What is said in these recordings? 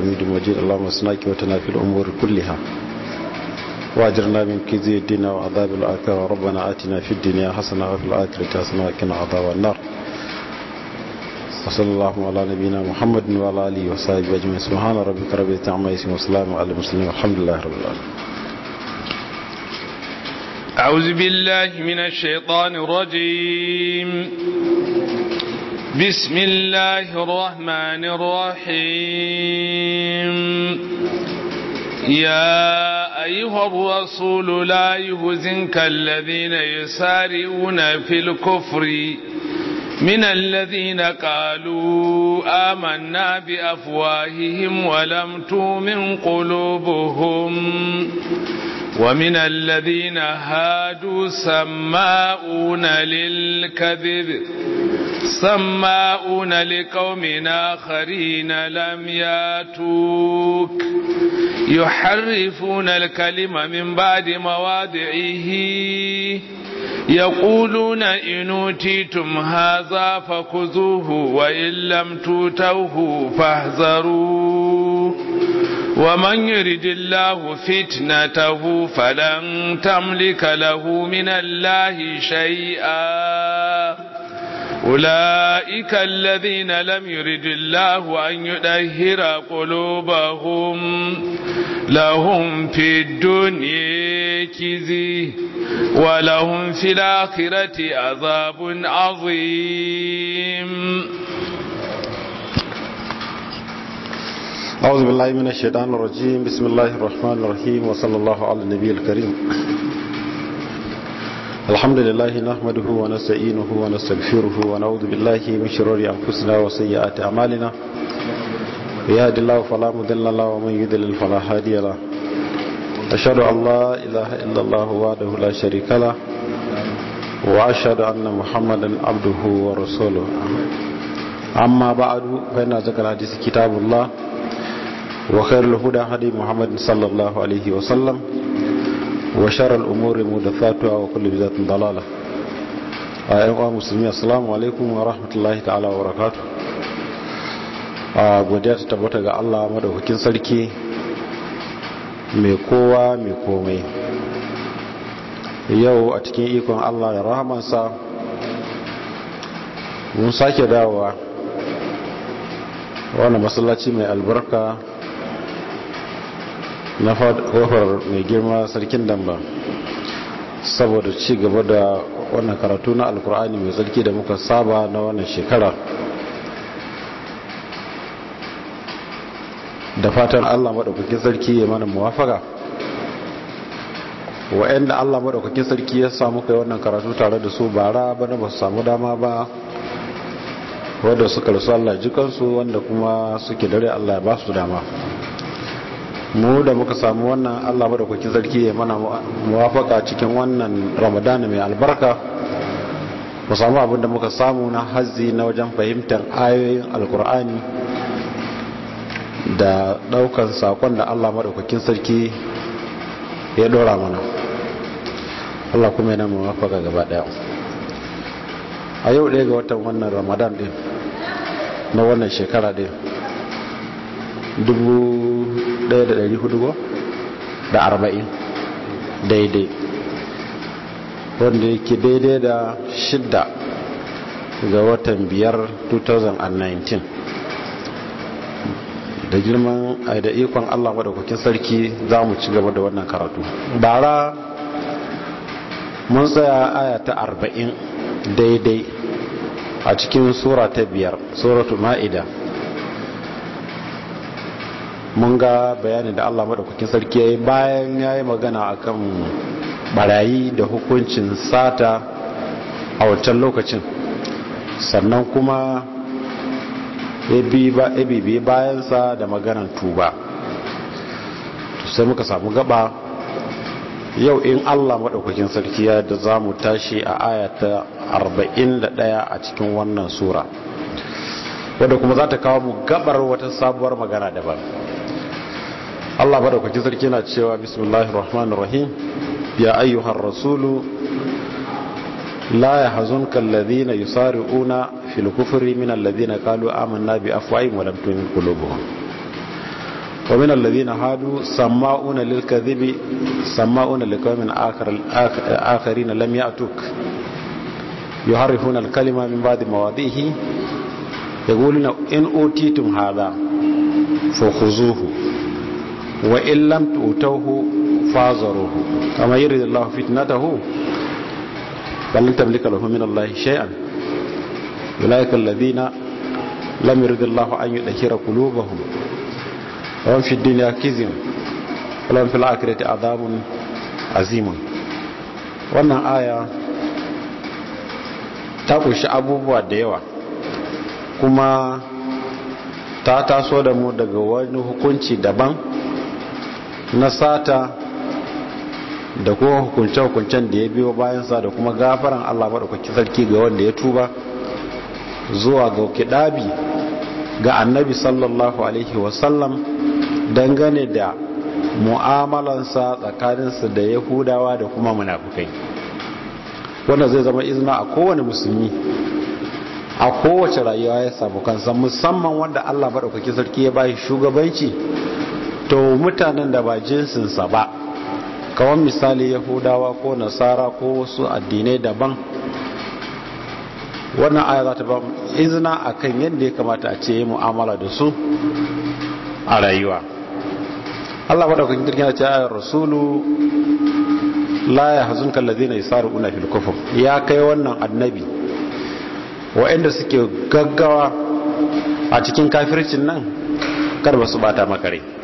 حميد مجيد اللهم اصنعك وتنا في الأمور كلها وأجرنا من كذي الدنيا وعذاب الآخرة ربنا آتنا في الدنيا حسنة وفي الآخرة حسنة وقنا عذاب النار وصلى الله على نبينا محمد وعلى آله وصحبه أجمعين سبحان ربك رب العزة عما يصفون وسلام على المرسلين والحمد لله رب العالمين أعوذ بالله من الشيطان الرجيم بسم الله الرحمن الرحيم يا أيها الرسول لا يهزنك الذين يسارعون في الكفر من الذين قالوا آمنا بأفواههم ولم تؤمن قلوبهم ومن الذين هادوا سماؤون للكذب سماؤون لقوم آخرين لم ياتوك يحرفون الكلمة من بعد مواضعه يقولون إن أوتيتم هذا فخذوه وإن لم توتوه فاحذروا ومن يرد الله فتنته فلن تملك له من الله شيئا أولئك الذين لم يرد الله أن يدهر قلوبهم لهم في الدنيا كذي ولهم في الآخرة عذاب عظيم أعوذ بالله من الشيطان الرجيم بسم الله الرحمن الرحيم وصلى الله على النبي الكريم الحمد لله نحمده ونستعينه ونستغفره ونعوذ بالله من شرور أنفسنا وسيئات أعمالنا يهد الله فلا مضل له ومن يضلل فلا هادي له أشهد أن لا إله إلا الله وحده لا شريك له وأشهد أن محمدا عبده ورسوله أما بعد فإن ذكر الحديث كتاب الله وخير الهدى هدي محمد صلى الله عليه وسلم وشر الأمور مدفاتها وكل بذات ضلالة أيها المسلمين wa عليكم ورحمة الله تعالى وبركاته godiya ta tabbata ga Allah madaukakin sarki mai kowa mai komai yau a cikin ikon Allah da sa mun sake dawowa wannan masallaci mai albarka na kofar mai girma sarkin damba saboda ci gaba da wannan karatu na alkur'ani mai tsarki da muka saba na wannan shekara da fatan allah maɗaukakin sarki ya mana muwafaka wa'yanda allah maɗaukakin sarki ya samu kai wannan karatu tare da su bara bana ba su samu dama ba wadda suka rasu allah jikansu wanda kuma suke dare allah ya ba su dama mu da muka samu wannan Allah madaukakin sarki ya mana muwafaka cikin wannan Ramadan mai albarka mu samu abin da muka samu na hazi na wajen fahimtar ayoyin alkur'ani da daukan sakon da Allah madaukakin sarki ya dora mana Allah kuma yana muwafaka gaba daya a yau ɗaya ga watan wannan Ramadan din na wannan shekara din dubu arba'in daidai wanda yake daidai da shidda ga watan biyar 2019 da girman da ikon allah madaukakin sarki za mu ci gaba da wannan karatu bara mun tsaya aya ta arba'in daidai a cikin sura ta biyar suratul ma'ida mun ga bayanin da Allah madaukakin sarki yayi bayan yayi magana akan barayi da hukuncin sata a wancan lokacin sannan kuma bayan bayansa da maganar tuba sai muka samu gaba yau in Allah maɗaukakin sarki ya da za mu tashi a ayata 41 a cikin wannan sura wadda kuma za ta kawo mu gabar wata sabuwar magana daban Allah madaukaki sarki na cewa bismillahir rahmanir rahim ya ayyuhar rasulu la yahzunka alladhina yusari'una fil kufri min alladhina qalu amanna bi afwahihim wa lam tu'min qulubuhum wa min alladhina hadu sama'una lil kadhibi sama'una liqawmin akhar akharin lam ya'tuk yuharrifuna al kalima min ba'di mawadihi ya yaquluna in utitum hadha fakhuzuhu wa in lam tu'tuhu fazaruhu kama yuridullahu fitnatahu bal tamlika lahu min Allah shay'an ulaika alladhina lam yuridullahu an yudhhira qulubahum wa fi dunya kizim wa fil akhirati adhabun azimun wannan aya ta kushi abubuwa da yawa kuma ta taso da mu daga wani hukunci daban na sata da kuma hukunce-hukuncen da ya biyo bayansa da kuma gafaran Allah maɗaukaki sarki ga wanda ya tuba zuwa ga kiɗabi ga annabi sallallahu alaihi wasallam dangane da mu'amalansa tsakaninsa da yahudawa da kuma munafukai wanda zai zama izina a kowane musulmi a kowace rayuwa ya sabu kansa musamman wanda Allah maɗaukaki sarki ya bashi shugabanci to mutanen da ba jinsinsa ba kawai misali yahudawa ko nasara ko wasu addinai daban wannan aya za ta ba izina a kan yadda ya kamata a ce mu'amala da su a rayuwa allah kun kirkina ce ayar rasulu la ya hazun kallazi na isa rukuna filkufin ya kai wannan annabi wa'inda suke gaggawa a cikin kafircin nan kar ba su bata makare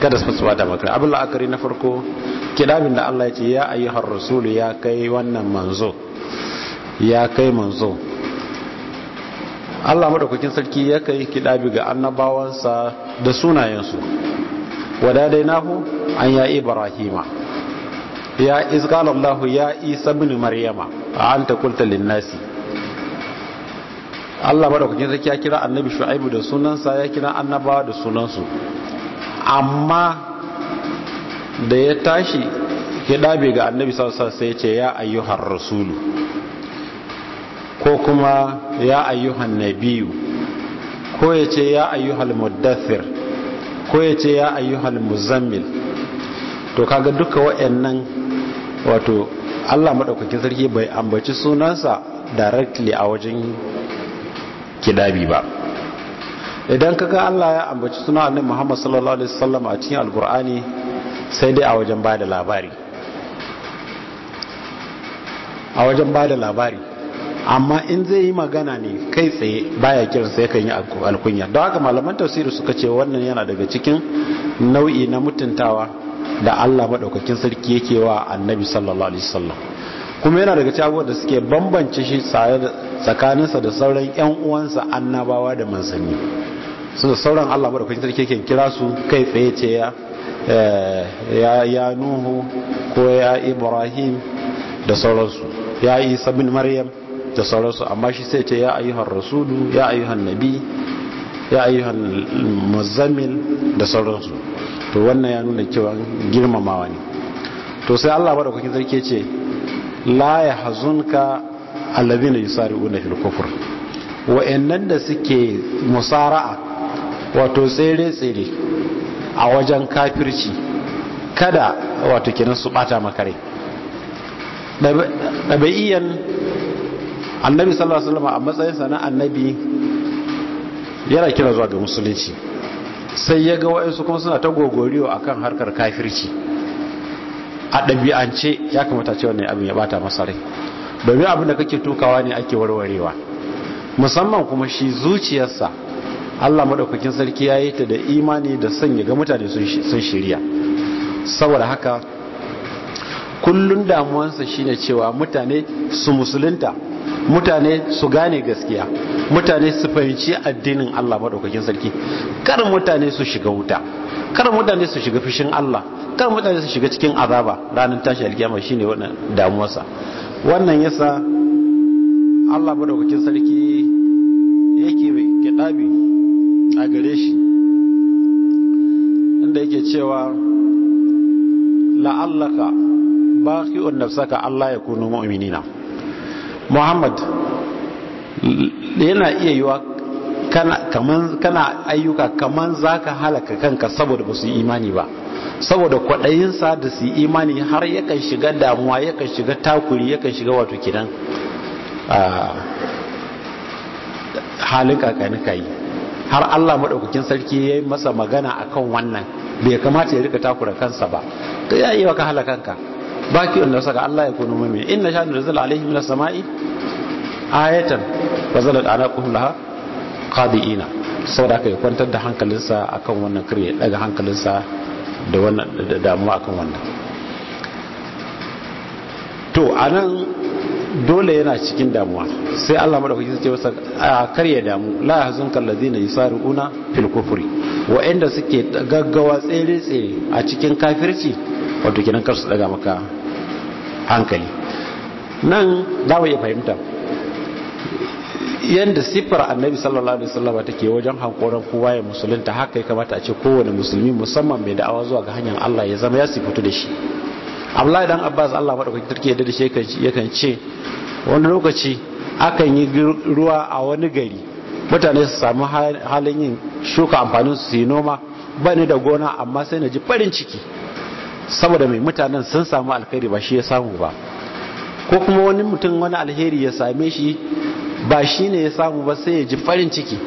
kada su bata maka abin la'akari na farko kidamin da Allah ya ce ya har rasulu ya kai wannan manzo ya kai manzo Allah madaukakin sarki ya kai kidabi ga annabawansa da sunayensu wadadai nahu an ya ibrahima ya izqala Allah ya isa ibn maryama anta qulta lin-nasi Allah madaukakin sarki ya kira annabi shu'aibu da sunansa ya kira annabawa da sunansu amma da ya tashi ya dabe ga annabi sassa sai ce ya ayyuhar rasulu ko kuma ya ayyuhar nabiyu ko ya ce ya ayyuhar muddathir ko ya ce ya ayyuhar muzammil to kaga duka wa'annan wato Allah maɗaukakin sarki bai ambaci sunansa directly a wajen kiɗabi ba idan ka ga Allah ya ambaci suna annabi Muhammad sallallahu alaihi wasallam a cikin alkur'ani sai dai a wajen bada labari a wajen bada labari amma in zai yi magana ne kai tsaye baya kiran sai kan yi alkunya don haka malaman tafsiri suka ce wannan yana daga cikin nau'i na mutuntawa da Allah madaukakin sarki yake wa annabi sallallahu alaihi wasallam kuma yana daga cewa da suke bambance shi tsakaninsa da sauran yan uwansa annabawa da manzanni su da sauran Allah kwanci sarki ke kira su kai tsaye ce eh, ya ya nuhu ko ya ibrahim da sauransu ya isa bin maryam da sauransu amma shi sai ce ya ayyuhan rasulu ya ayyuhan nabi ya ayyuhan muzammil da sauransu to wannan ya nuna cewa girmamawa ne to sai Allah kwanci sarki ce la ya hazunka allazina yusari'una fil kufr wa'annan da suke musara'a wato tsere tsere a wajen kafirci kada wato kenan su bata makare. rai annabi sallallahu alaihi wasallam a matsayinsa na annabi yana kira zuwa ga musulunci sai ya ga wa'insu kuma suna ta gogoriyo akan harkar kafirci a ɗabi'ance ya kamata ce wannan abin ya bata masa rai domin abin da kake tukawa ne ake warwarewa musamman kuma shi zuciyarsa Allah maɗaukakin sarki ya yi ta da imani da son ya ga mutane sun shirya saboda haka kullum damuwansa shine cewa mutane su musulunta mutane su gane gaskiya mutane su fahimci addinin Allah maɗaukakin sarki kar mutane su shiga wuta kar mutane su shiga fushin Allah kar mutane su shiga cikin azaba ranar tashi alkiyama shine wannan damuwarsa wannan yasa Allah hukuncin sarki yake mai kidabi a gare shi inda yake cewa la'allaka baqi'un nafsaka Allah ya kunu mu'minina Muhammad yana iya yiwa kana ayyuka kamar za ka zaka halaka kanka saboda basu yi imani ba saboda kwaɗayin sa da su imani har yakan shiga damuwa yakan shiga takuri yakan shiga wato kidan halin kakanin kayi har Allah maɗaukakin sarki ya yi masa magana a kan wannan bai kamata ya rika takura kansa ba ta ya yi wa ka halakanka ba ki wanda saka Allah ya kunu mami inna sha'anu da zala alaihi na sama'i ayatan ba da ana kuhun laha Ina saboda aka yi kwantar da hankalinsa akan wannan kar daga hankalinsa da wannan damuwa akan wannan to anan dole yana cikin damuwa sai Allah madaukaki sai masa a ya damu kalla yahzunka allazina yusari'una fil kufri inda suke gaggawa tsere tsere a cikin kafirci wato kinan kar su daga maka hankali nan za mu iya fahimta yadda siffar annabi sallallahu alaihi wasallam take wajen hankoran kowa ya musulunta haka ya kamata a ce kowane musulmi musamman mai da'awa zuwa ga hanyar Allah ya zama ya sifutu da shi Abdullahi dan Abbas Allah madaukakin sarki ya da shi yakan ce wani lokaci akan yi ruwa a wani gari mutane su samu halin yin shuka amfanin su yi noma ba ni da gona amma sai na ji farin ciki saboda mai mutanen sun samu alkhairi ba shi ya samu ba ko kuma wani mutum wani alheri ya same shi ba shi ne ya samu ba sai ya ji farin ciki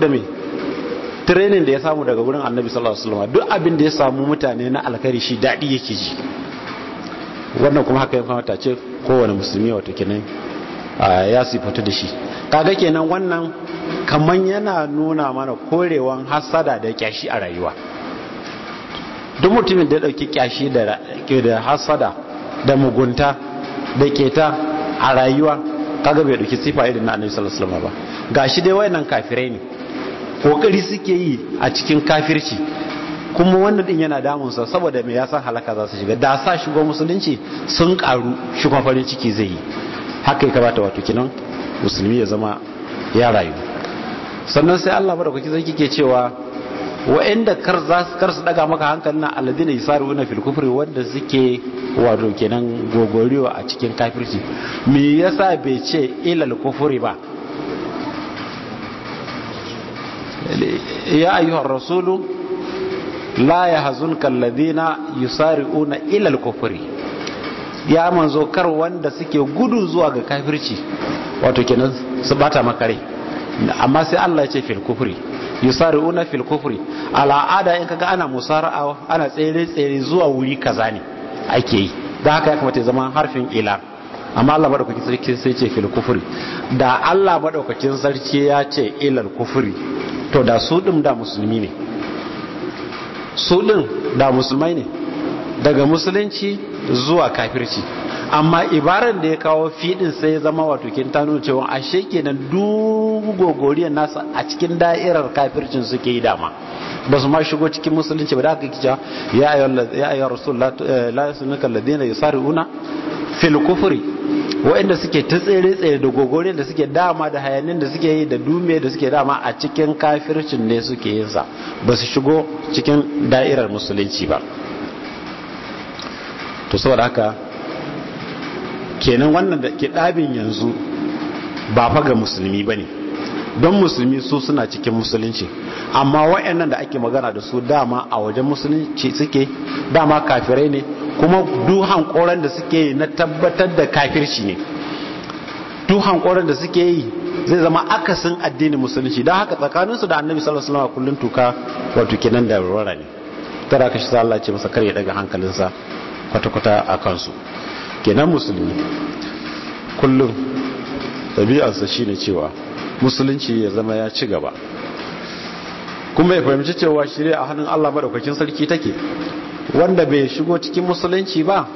da mai training da ya samu daga wurin annabi sallallahu alaihi wasallam duk abin da ya samu mutane na alkhairi shi daɗi yake ji wannan kuma haka ya kamata ce kowane musulmi wato kenan ya sifatu da shi kaga kenan wannan kaman yana nuna mana korewan hasada da kyashi a rayuwa duk mutumin da ya dauki kyashi da hasada da mugunta da keta a rayuwa kaga bai ɗauki sifa irin na annabi sallallahu alaihi wasallam ba gashi dai wayannan kafirai ne kokari suke yi a cikin kafirci kuma wannan din yana damunsa saboda me yasan halaka za su shiga da sa shigo musulunci sun karu shi farin ciki zai yi haka ya kamata wato kinan musulmi ya zama ya rayu sannan sai Allah madaukaki zai kike cewa wa'anda kar za su kar su daga maka hankalin nan alladina yusaruna fil kufri wanda suke wato kenan gogoriwa a cikin kafirci me yasa bai ce ilal kufri ba ya ayyuhar rasulu la yahzunka alladina yusari'una ila ilal kufri ya manzo kar wanda suke gudu zuwa ga kafirci wato kenan su bata makare amma sai Allah ya ce fil kufri yusari'una fil kufri al'ada in kaga ana musara'a ana tsere tsere zuwa wuri kaza ne ake yi da haka ya kamata ya zama harfin ila amma Allah madaukakin sarki sai ce fil kufri da Allah madaukakin sarki ya ce ilal kufri to da su din da musulmi ne su din da musulmai ne daga musulunci zuwa kafirci amma ibaran da ya kawo fiɗin sai ya zama wato kin tano cewa ashe kenan dugogoriyar nasa a cikin da'irar kafircin suke yi dama ba su ma shigo cikin musulunci ba da aka kica ya ayyar rasul la eh, yasunuka alladhina yusari'una fil kufri waɗanda suke ta tsere tsere da gogore da suke dama da hayanin da suke yi da dume da suke dama a cikin kafircin ne suke yin sa ba su shigo cikin da'irar musulunci ba to saboda haka kenan wannan da ke dabin yanzu ba fa ga musulmi ba ne don musulmi su suna cikin musulunci amma wa'annan da ake magana da su dama a wajen musulunci suke dama kafirai ne kuma duhan koren da suke yi na tabbatar da kafirci ne duhan koren da suke yi zai zama akasin addinin musulunci don haka tsakaninsu da annabi sallallahu alaihi wasallam kullun tuka wato kenan da rora ne tara kashi sai Allah ce masa kar ya daga hankalinsa kwata-kwata a kansu kenan musulmi kullum ɗabi'arsa shine cewa musulunci ya zama ya ci gaba kuma ya fahimci cewa shirya a hannun Allah maɗaukacin sarki take wanda bai shigo cikin musulunci ba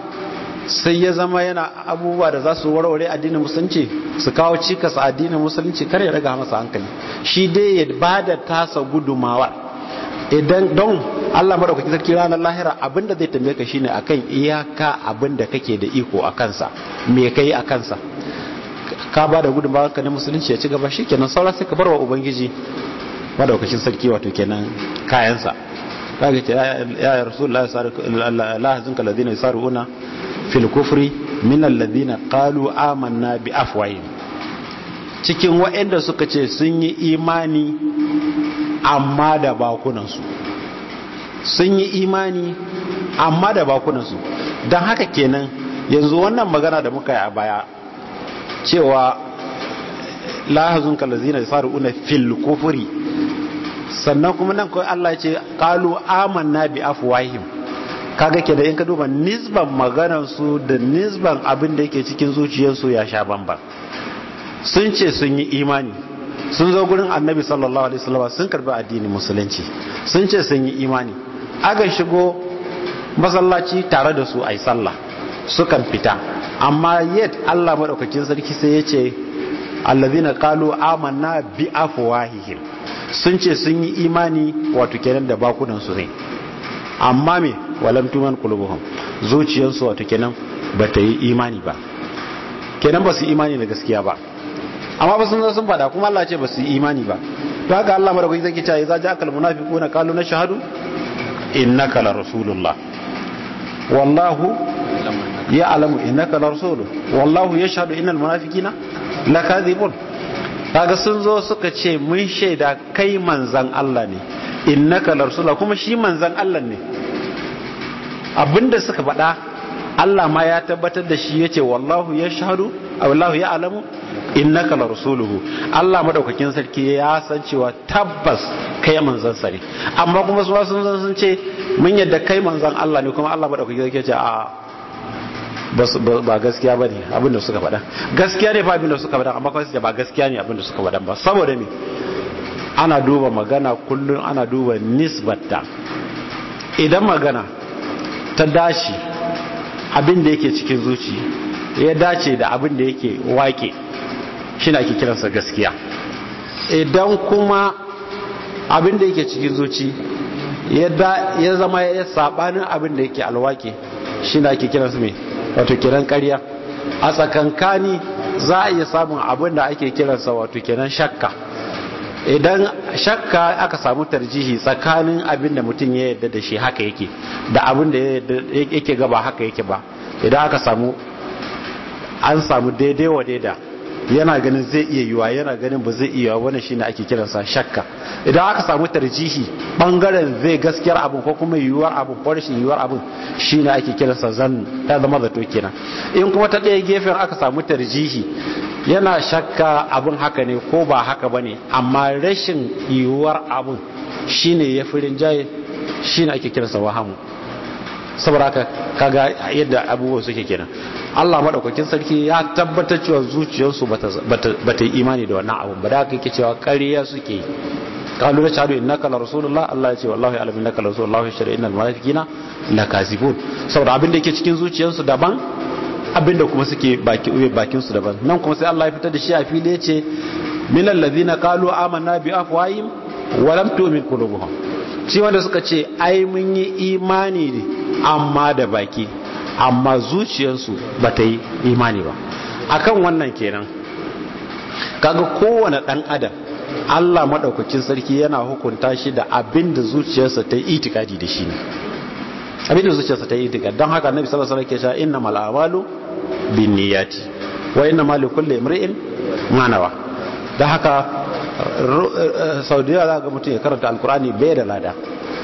sai ya zama yana abubuwa da za su warware addinin musulunci su kawo cikas addinin musulunci kar ya raga masa hankali shi dai ya ba da tasa gudumawar idan don Allah madaukakin sarki ranar lahira abinda zai tambaye ka shine akan iyaka abinda kake da iko a kansa me kai a kansa ka ba da gudun ka ne musulunci ya ci gaba kenan saura sai ka barwa ubangiji madaukakin sarki wato kenan kayansa kaga ce ya rasulullahi la hazunka alladhina yusaruna fil kufri min alladhina qalu amanna bi afwahihim cikin wa'anda suka ce sun yi imani amma da bakunansu sun yi imani amma da bakunansu don haka kenan yanzu wannan magana da muka yi a baya cewa lahazun kalazina sari'una fil kufuri sannan kuma nan kawai Allah ce kalu amanna bi afwahim kaga ke da in ka duba nisban maganarsu da nisban abinda da yake cikin zuciyarsu ya sha bamban sun ce sun yi imani sun zo gurin annabi sallallahu alaihi wasallam sun karbi addinin musulunci sun ce sun yi imani aka shigo masallaci tare da su ai sallah sukan fita amma yet Allah madaukakin sarki sai ya ce allazina qalu amanna bi afwahihim sun ce sun yi imani wato kenan da bakunan su ne amma me walam tuman qulubuhum zuciyarsu wato kenan bata yi imani ba kenan ba su imani da gaskiya ba amma ba sun sun fada kuma Allah ce ba su yi imani ba to haka Allah madaukaki zai kice za ja kal munafiquna qalu nashhadu innaka la rasulullah wallahu ya alamu innaka la rasulu wallahu yashhadu innal munafiqina lakadibun kaga sun zo suka ce mun shaida kai manzan Allah ne innaka la rasulullah kuma shi manzan Allah ne abinda suka faɗa Allah ma ya tabbatar da shi yace wallahu yashhadu Allah ya alamu innaka la rasuluhu Allah madaukakin sarki ya san cewa tabbas kai manzon sa amma kuma su sun san sun ce mun yadda kai manzon Allah ne kuma Allah madaukakin sarki ya ce a ba gaskiya bane abinda suka faɗa gaskiya ne fa abinda suka faɗa amma kuma su ce ba gaskiya ne abinda suka faɗa ba saboda me ana duba magana kullum ana duba nisbatta idan magana ta dashi abin da yake cikin zuci ya dace da abin da yake wake shi na ke kiransa gaskiya idan kuma abin da yake cikin zuci ya zama ya sabanin abin da yake alwake shi na ke kiransa mai wato kiran karya a tsakankani za a iya samun abin da ake kiransa wato kenan shakka idan shakka aka samu tarjihi tsakanin abin da mutum ya yadda da shi haka yake da abin da yake gaba haka yake ba idan aka samu an samu daidai wa daida yana ganin zai iya yiwa yana ganin ba zai iya wani ne ake kiransa shakka idan aka samu tarjihi bangaren zai gaskiyar abin ko kuma yiwuwar abin ko rashin yiwuwar abin ne ake kiransa zan ta zama toke kenan in kuma ta ɗaya gefen aka samu tarjihi yana shakka abin haka ne ko ba haka ba ne amma rashin yiwuwar abin ne ya fi rinjaye ne ake kiransa wahamu saboda haka kaga yadda abubuwan suke kenan Allah madaukakin sarki ya tabbatar cewa zuciyarsu bata yi imani da wannan abu ba da yi ke cewa ƙarya suke yi kalu da shahadu innaka la rasulullah Allah ya ce wallahi alam innaka la rasulullah wa shara innal munafiqina la kazibun saboda abin da yake cikin zuciyarsu daban abin da kuma suke bakin su daban nan kuma sai Allah ya fitar da shi a fili ya ce minal ladina qalu amanna bi afwahim wa lam tu'min qulubuhum shi wanda suka ce ai mun yi imani amma da baki amma zuciyarsu ba ta yi imani ba a kan wannan kenan kaga kowane dan adam Allah maɗaukacin sarki yana hukunta shi da abin da zuciyarsa ta yi itikadi da shi ne abin da zuciyarsa ta yi itikadi don haka annabi sallallahu sarki wasallam yake cewa innamal a'malu binniyati wa innamal malikun imri'in manawa nawa don haka eh, eh, saudiya za a za ga mutum ya karanta alkurani bai da lada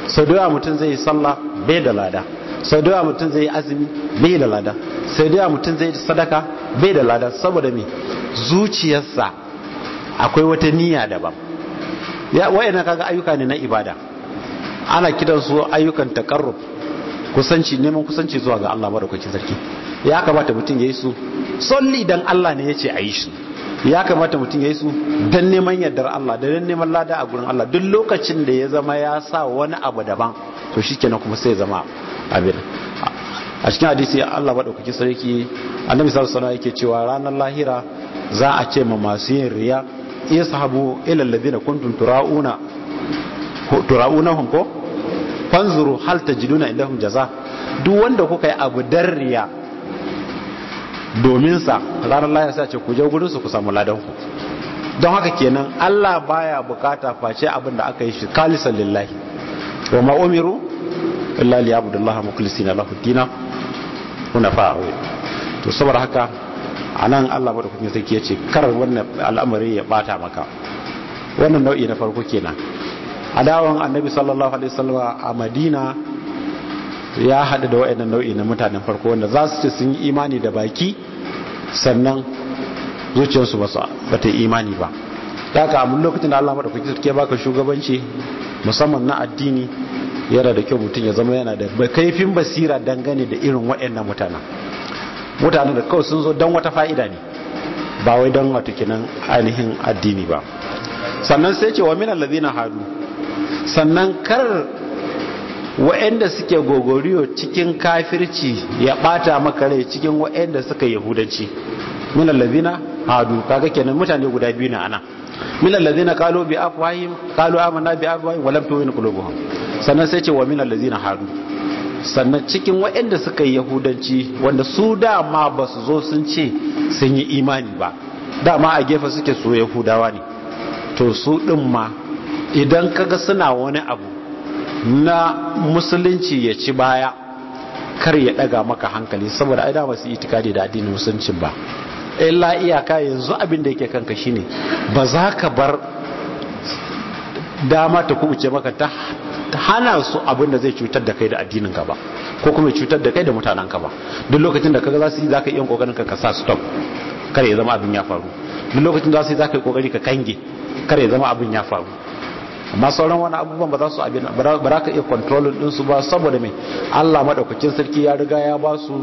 saudiya mutum zai yi sallah bai da lada sau da mutum zai azumi bai da lada sau da mutum zai sadaka bai da lada saboda me zuciyarsa akwai wata niyya daban ya wayana kaga ayyuka ne na ibada ana su ayyukan taqarrub kusanci neman kusanci zuwa ga Allah madaukakin sarki ya kamata mutum yayi su solli dan Allah ne yace ayi su ya kamata mutum ya yi su don neman yardar Allah da don neman lada a gurin Allah duk lokacin da ya zama ya sa wani abu daban to shi kenan kuma sai zama abin a cikin hadisi Allah ba maɗaukaki sarki annabi sallallahu alaihi yake cewa ranar lahira za a ce ma masu yin riya Habu ilal alladhina kuntum turauna turaunahum ko fanzuru hal tajiduna indahum jaza duk wanda kuka yi abu dan riya domin sa ranar lahira sa ce ku je gurin su ku samu ladan ku don haka kenan Allah baya bukata face abin da aka yi shi kalisan lillahi wa ma umiru illa li abdullahi mukhlisina lahu dina kuna fa fa'a to saboda haka anan Allah madaukakin sai ke ce kar wannan al'amari ya bata maka wannan nau'i na farko kenan adawan annabi sallallahu alaihi wasallam a Madina ya haɗu da wa'annan nau'i na mutanen farko wanda za su ce sun yi imani da baki sannan zuciyarsu ba ta imani ba da ka abin lokacin da Allah maɗaukaki sarki ba baka shugabanci musamman na addini yana da kyau mutum ya zama yana da kaifin basira dangane da irin waɗannan mutanen mutanen da kawai sun zo don wata fa'ida ne ba wai don wata kinan ainihin addini ba sannan sai ce wa minan na hadu sannan kar wa'anda suke gogoriyo cikin kafirci ya bata maka rai cikin wa'anda suka yahudanci min allazina hadu kaga kenan mutane guda biyu ne ana min allazina qalu bi afwahim qalu amanna bi afwahim wa lam tu'min qulubuhum sannan sai ce wa min allazina hadu sannan cikin wa'anda suka yi yahudanci wanda su dama ba su zo sun ce sun yi imani ba dama a gefe suke so yahudawa ne to su din ma idan kaga suna wani abu na musulunci ya ci baya kar ya daga maka hankali saboda ai da ba su itikadi da addinin musulunci ba illa iyaka yanzu abin da yake kanka shine ba za ka bar dama ta kubuce maka ta hana su abin da zai cutar da kai da addinin ka ba ko kuma cutar da kai da mutanen ka ba duk lokacin da kaga za su yi za yi iya kokarin ka sa stop kar ya zama abin ya faru duk lokacin da za su yi za yi kokari ka kange kar ya zama abin ya faru amma sauran wani abubuwan ba za su abin ba za ka iya kontrolin ɗinsu ba saboda mai allah maɗaukacin sarki ya riga ya ba su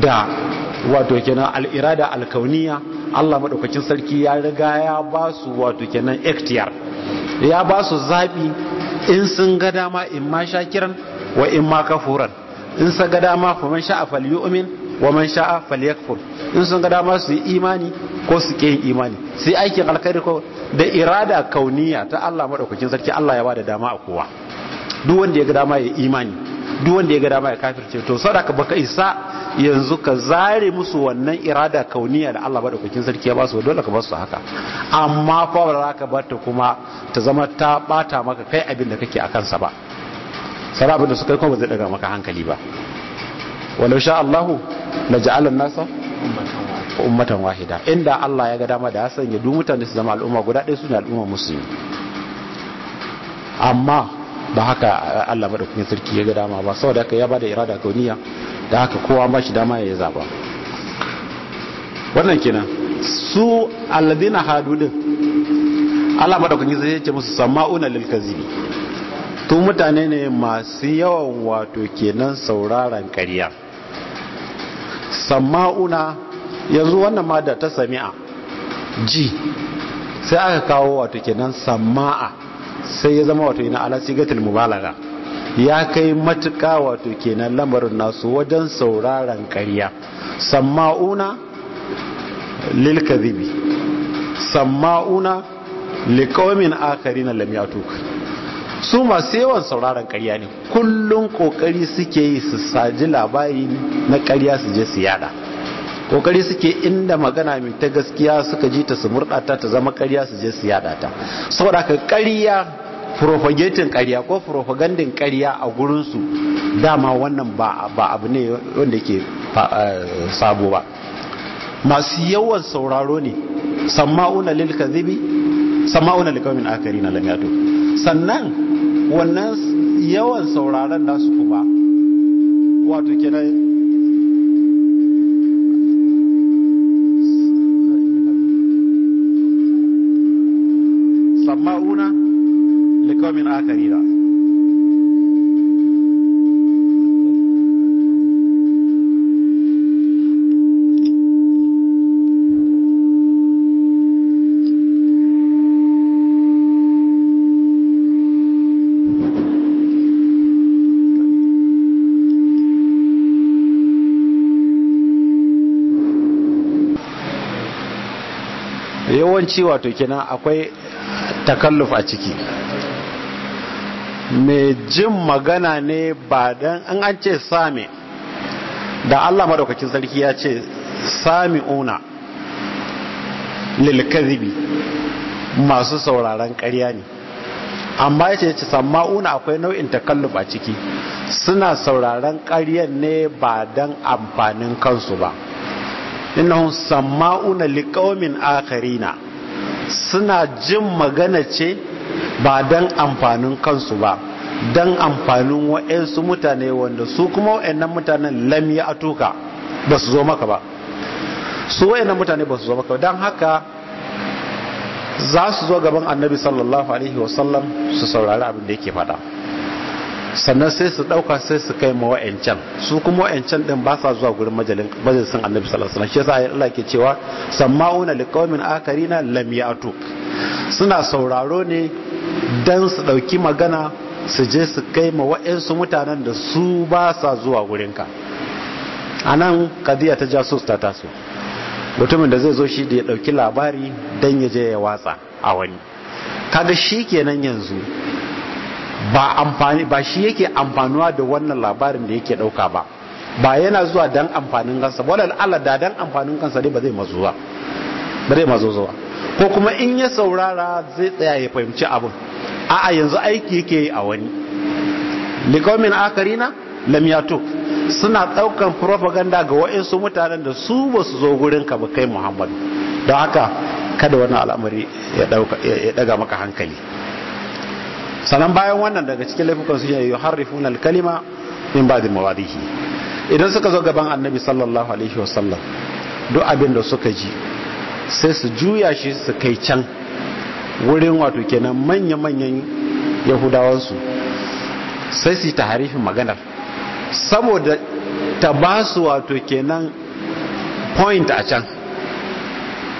da wato kenan al'irada alkauniya allah maɗaukacin sarki ya riga ya ba su wato kenan ektiyar ya ba su zaɓi in sun ga dama in ma sha kiran, wa in ma kafuran in sa ga dama kuma sha a fal yu'min wa man sha'a falyakfur in sun ga dama su yi imani ko su ke imani sai yi aikin alkhairi ko da irada kauniya ta Allah madaukakin sarki Allah ya bada dama a kowa duk wanda ya ga dama ya imani duk wanda ya ga dama ya kafirce to sadaka baka isa yanzu ka zare musu wannan irada kauniya da Allah madaukakin sarki ya ba su dole ka ba su haka amma fa ba za ka bar ta kuma ta zama ta bata maka kai abin da kake akan sa ba sarabu da suka kuma ba zai daga maka hankali ba walau sha Allahu na ja'ala nasa ummatan wahida inda Allah ya ga dama da ya sanya duk mutane su zama al'umma guda ɗaya su ne al'umma musulmi amma ba haka Allah madaukakin sarki ya ga dama ba saboda haka ya bada irada kauniya da haka kowa ba shi dama ya zaba wannan kenan su alladina hadu din Allah madaukakin sarki ya ce musu sama'una lil kazibi to mutane ne masu yawan wato kenan sauraron ƙarya sama'una yanzu wannan ma da ta sami'a ji sai aka kawo wato kenan sama'a sai ya zama wato yana ala sigatul mubalaga ya kai matuka wato kenan lamarin nasu wajen sauraron ƙarya sama'una lil kadhibi sama'una liqawmin akharin lam ya'tuka su masu yawan sauraron karya ne kullum kokari suke yi su saji labari na karya su je su yada kokari suke inda magana mai ta gaskiya suka ji ta su murɗata ta zama karya su je su yada ta saboda ka karya profagetin karya ko profagandin karya a gurinsu dama wannan ba abu ne wanda ke eh, sabo ba masu yawan sauraro ne sama'una lil kadhibi sama'una likamin akari na lam sannan wannan yawan sauraron nasu kuma wato kenan yawanci wato kenan akwai takalluf a ciki mai jin magana ne ba dan an an ce sami da Allah madaukakin sarki ya ce sami una lilkazibi masu sauraron ƙarya ne amma ya ce sama'una akwai nau'in takalluf a ciki suna sauraron karya ne ba dan amfanin kansu ba innahum sama'una liqaumin akharina suna jin magana ce ba don amfanin kansu ba don amfanin wa'ensu mutane wanda su kuma wa'annan mutanen lamya a tuka ba su zo maka ba su wa'annan mutane ba su zo maka ba don haka za su zo gaban annabi sallallahu alaihi wasallam su saurari abin da yake faɗa sannan sai su dauka sai su kai ma wa'ancan su kuma wa'ancan din ba sa zuwa gurin majalisun annabi sallallahu alaihi wasallam shi yasa Allah ke cewa samma'una liqaumin akarina lam ya'tuk suna sauraro ne dan su dauki magana su je su kai ma wa'ansu mutanen da su ba sa zuwa gurinka anan kadiya ta jasus ta taso mutumin da zai zo shi da ya dauki labari dan ya je ya watsa a wani kada shi kenan yanzu ba amfani ba shi yake amfanuwa da wannan labarin da yake dauka ba ba yana zuwa dan amfanin kansa wala Allah da dan amfanin kansa ne ba zai mazuwa ba zai mazo zuwa ko kuma in ya saurara zai tsaya ya fahimci abin a'a yanzu aiki yake yi a wani likomin akarina lam suna daukan propaganda ga wa'insu mutanen da su ba su zo gurin ka kai Muhammadu don haka kada wannan al'amari ya daga maka hankali sannan bayan wannan daga cikin laifukan su ne yuharrifuna al-kalima min ba'di mawadihi idan suka zo gaban annabi sallallahu alaihi wasallam duk abin da suka ji sai su juya shi su kai can wurin wato kenan manya-manyan su sai su yi maganar saboda ta ba su wato kenan point a can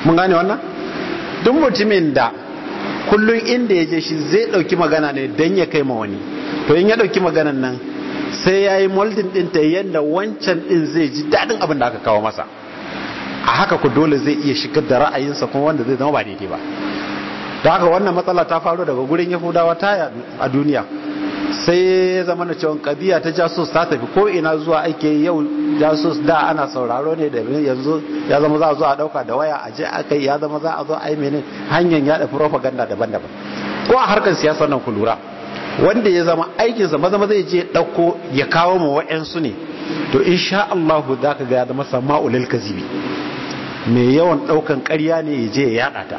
mun gane wannan duk mutumin da kullum inda ya je shi zai ɗauki magana ne don ya kai ma wani to in ya ɗauki maganan nan sai ya yi moldin ɗin ta yadda wancan ɗin zai ji daɗin abin da aka kawo masa a haka ku dole zai iya shigar da ra'ayinsa kuma wanda zai zama ba daidai ba da haka wannan matsala ta faru daga gurin yahudawa ta a duniya sai zama na cewon kabiya ta jasus ta tafi ko ina zuwa ake yau jasus da ana sauraro ne da yanzu ya zama za a zo a dauka da waya a je aka ya zama za a zo a yi mene hanyar yada propaganda daban-daban ko a harkar siyasar nan kulura wanda ya zama aikinsa maza maza ya je dauko ya kawo mu wa'ansu ne to insha Allah za ka ga ya zama sama'ulil kazibi mai yawan daukan ƙarya ne ya je ya yada ta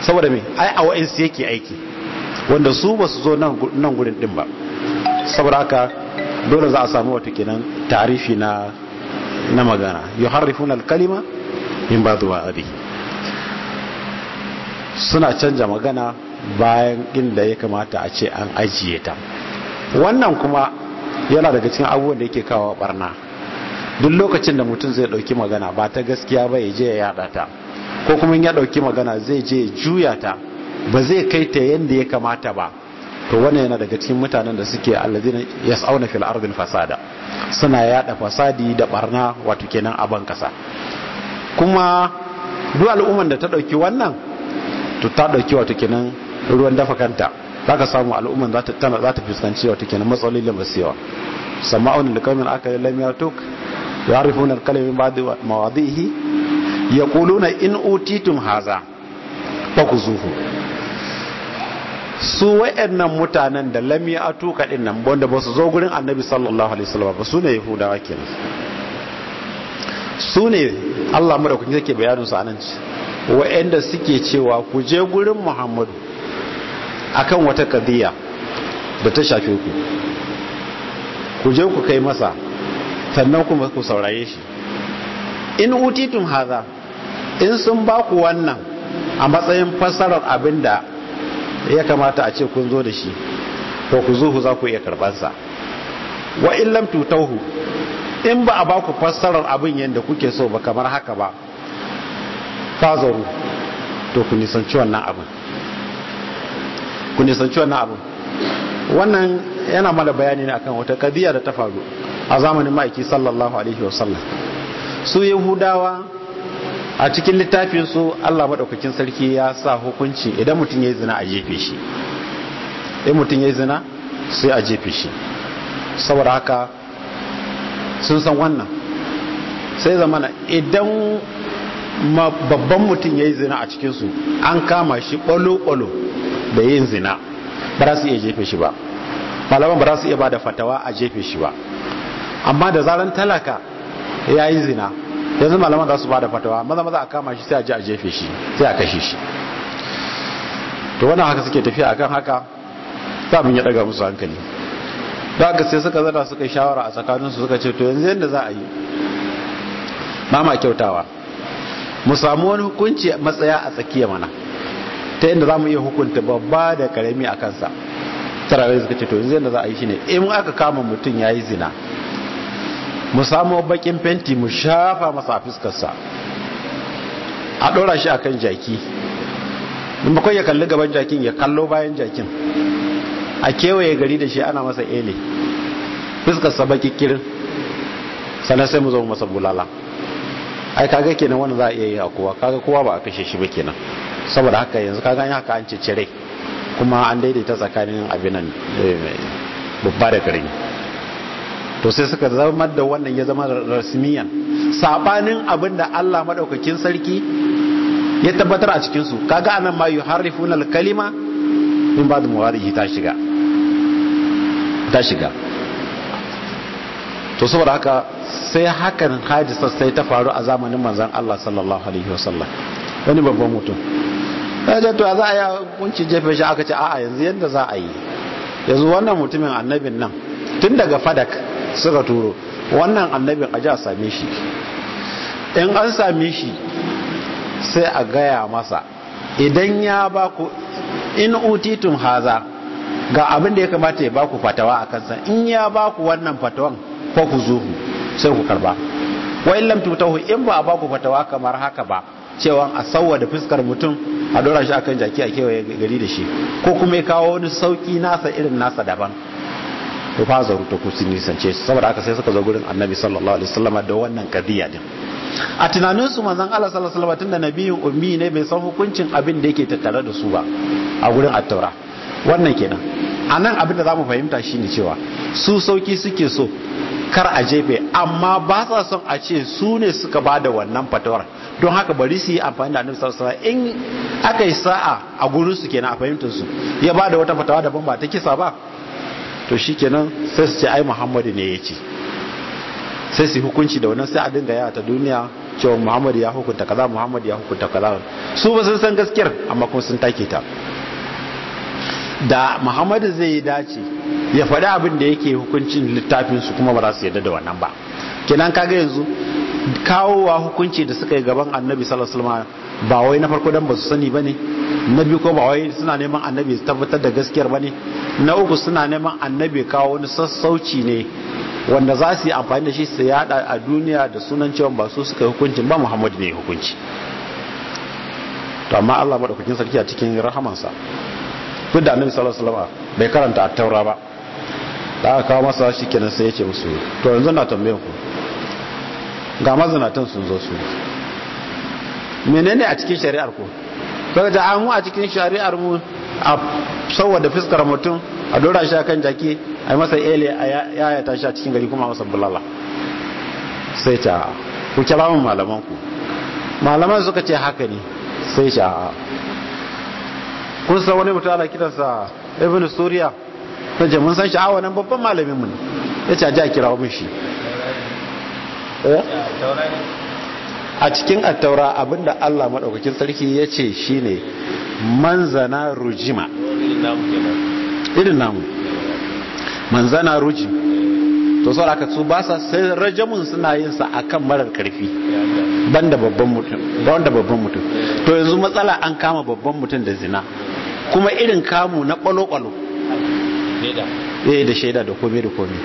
saboda me ai a wa'ansu yake aiki wanda su ba su zo nan gurin din ba saboda haka dole za a samu wata kenan tarifi na magana magana yuharrifuna alkalima kalima ba zuwa abi suna canja magana bayan inda ya kamata a ce an ajiye ta wannan kuma yana daga cikin abubuwan da yake kawo barna duk lokacin da mutum zai dauki magana ba ta gaskiya ba ya je ya yada ta ko kuma ya dauki magana zai je ya juya ta ba zai kai ta yadda ya kamata ba to wane yana daga cikin mutanen da suke ya yas'auna fil ardil fasada suna yada fasadi da barna wato kenan a ban kasa kuma duk al'umman da ta dauki wannan to ta dauki wato kenan ruwan dafa kanta zaka samu al'umman za ta tana za ta fuskanci wato kenan matsalolin basiwa sama'un liqaumin aka lam yatuk al-kalima من بعد مواضعه يقولون إن haza هذا فخذوه su wa'annan mutanen da lam a tuka ɗin nan wanda ba su zo gurin annabi sallallahu alaihi wasallam ba su ne yahudawa kenan su ne Allah mu da kun yake bayanin su anan ce wa'anda suke cewa ku je gurin Muhammadu akan wata kadiya da ta shafe ku ku je ku kai masa sannan kuma ku sauraye shi in utitum haza in sun ba ku wannan a matsayin fassarar abinda ya kamata a ce kun zo da shi to ku zuhu za ku iya karbansa wa in lam tutauhu in ba a ba ku fassarar abin yadda kuke so ba kamar haka ba fazaru to ku nisanci wannan abin ku nisanci wannan abin wannan yana mana bayani ne akan wata kadiya da ta faru a zamanin ma'aiki sallallahu alaihi wasallam su yahudawa a cikin littafin su Allah madaukakin sarki ya sa hukunci idan mutum yayi zina a jefe shi idan mutum yayi zina sai a jefe shi saboda haka sun san wannan sai zamana idan babban mutum yayi zina a cikin su an kama shi kwalo-kwalo da yin zina ba za su iya jefe shi ba malaman ba za su iya ba da fatawa a jefe shi ba amma da zaran talaka ya yi zina yanzu malaman za su bada fatawa maza maza a kama shi sai a ji a jefe shi sai a kashe shi to wannan haka suke tafiya akan haka bin ya daga musu hankali da haka sai suka zana suka shawara a tsakaninsu suka ce to yanzu yadda za a yi mama kyautawa mu samu wani hukunci matsaya a tsakiya mana ta yadda za mu iya hukunta babba da karami a kansa tarawai suka ce to yanzu yadda za a yi shine in aka kama mutum ya yi zina mu samu bakin fenti mu shafa masa a fuskarsa a dora shi akan jaki kai ya kalli gaban jakin ya kallo bayan jakin a kewaye gari da shi ana masa ele fuskarsa baki kirin sannan sai mu zo masa bulala ai kaga kenan wanda za a iya yi a kowa kaga kowa ba a kashe shi ba kenan saboda haka yanzu kaga an haka an cicire kuma an daidaita tsakanin abinan eh, babba da karami to sai suka zama da wannan ya zama rasmiyan sabanin abin da Allah madaukakin sarki ya tabbatar a cikin su kaga anan ma yuharifunal kalima kalima ba da muwadihi ta shiga ta shiga to saboda haka sai hakan hadisa sai ta faru a zamanin manzon Allah sallallahu alaihi wasallam wani babban mutum sai da to za a yi kunci jefe shi aka ce a'a yanzu yanda za a yi yanzu wannan mutumin annabin nan tun daga fadak suka turo wannan annabin aji a same shi in an same shi sai a gaya masa idan ya ba ku in utitun haza ga abin da ya kamata ya ba ku fatawa a kansa in ya ba ku wannan fatawan ko ku zuhu sai ku karba wa illam tutahu in ba a ba ku fatawa kamar haka ba cewa a sauwa da fuskar mutum a dora shi akan jaki a kewaye gari da shi ko kuma ya kawo wani sauki nasa irin nasa daban to fa zaru ta kusi nisance su saboda aka sai suka zo gurin annabi sallallahu alaihi wasallam da wannan kadiya din a tunanin su manzon Allah sallallahu alaihi wasallam da nabiyin ummi ne bai san hukuncin abin da yake tattare da su ba a gurin at-taura wannan kenan a nan abin da za fahimta shine cewa su sauki suke so kar a jefe amma ba sa son a ce su ne suka ba da wannan fatawar don haka bari su yi amfani da annabi sallallahu alaihi in aka yi sa'a a gurin su kenan a fahimtar su ya ba da wata fatawa daban ba ta kisa ba to shi kenan sai su ce ai muhammadu ne ya ce sai su hukunci da wannan sai a dinga yawa ta duniya cewa muhammadu ya hukunta kaza muhammadu ya hukunta kaza su ba sun san gaskiyar amma kuma sun take ta da muhammadu zai yi dace ya faɗi abin da yake hukuncin littafinsu kuma ba za su yarda da wannan ba kenan kaga yanzu kawowa hukunci da suka yi gaban annabi sallallahu alaihi wasallam ba wai na farko dan ba su sani bane na biyu ko ba wai suna neman annabi su tabbatar da gaskiyar bane na uku suna neman annabi kawo wani sassauci ne wanda za su yi amfani da shi su yada a duniya da sunan cewa ba su suka hukuncin ba muhammadu ne hukunci to amma Allah madaukakin sarki a cikin rahamansa duk da annabi sallallahu alaihi wasallam bai karanta a taura ba da aka kawo masa shi kenan sai ya ce musu to yanzu na tambayan ku ga mazanatan sun zo su menene a cikin shari'ar ku kaga da amu a cikin shari'ar mu a saboda fiskar mutum a dora shi kan jaki a yi masa ele a yaya ta shi a cikin gari kuma masa bulala sai ta ku kira mun malaman ku malaman suka ce haka ne sai sha kun san wani mutum ana kiransa ibn suriya ta ce mun san a wannan babban malamin mu ne ya ce a ji a kira mun shi eh a cikin attaura abinda Allah maɗaukakin sarki ya ce shine manzana rujima irin namu manzana ruji to sau aka su ba sa sai rajamun suna yin sa akan marar karfi banda babban mutum to yanzu matsala an kama babban mutum da zina kuma irin kamu na ƙwalo-ƙwalo. Eh, da shaida da kome da kome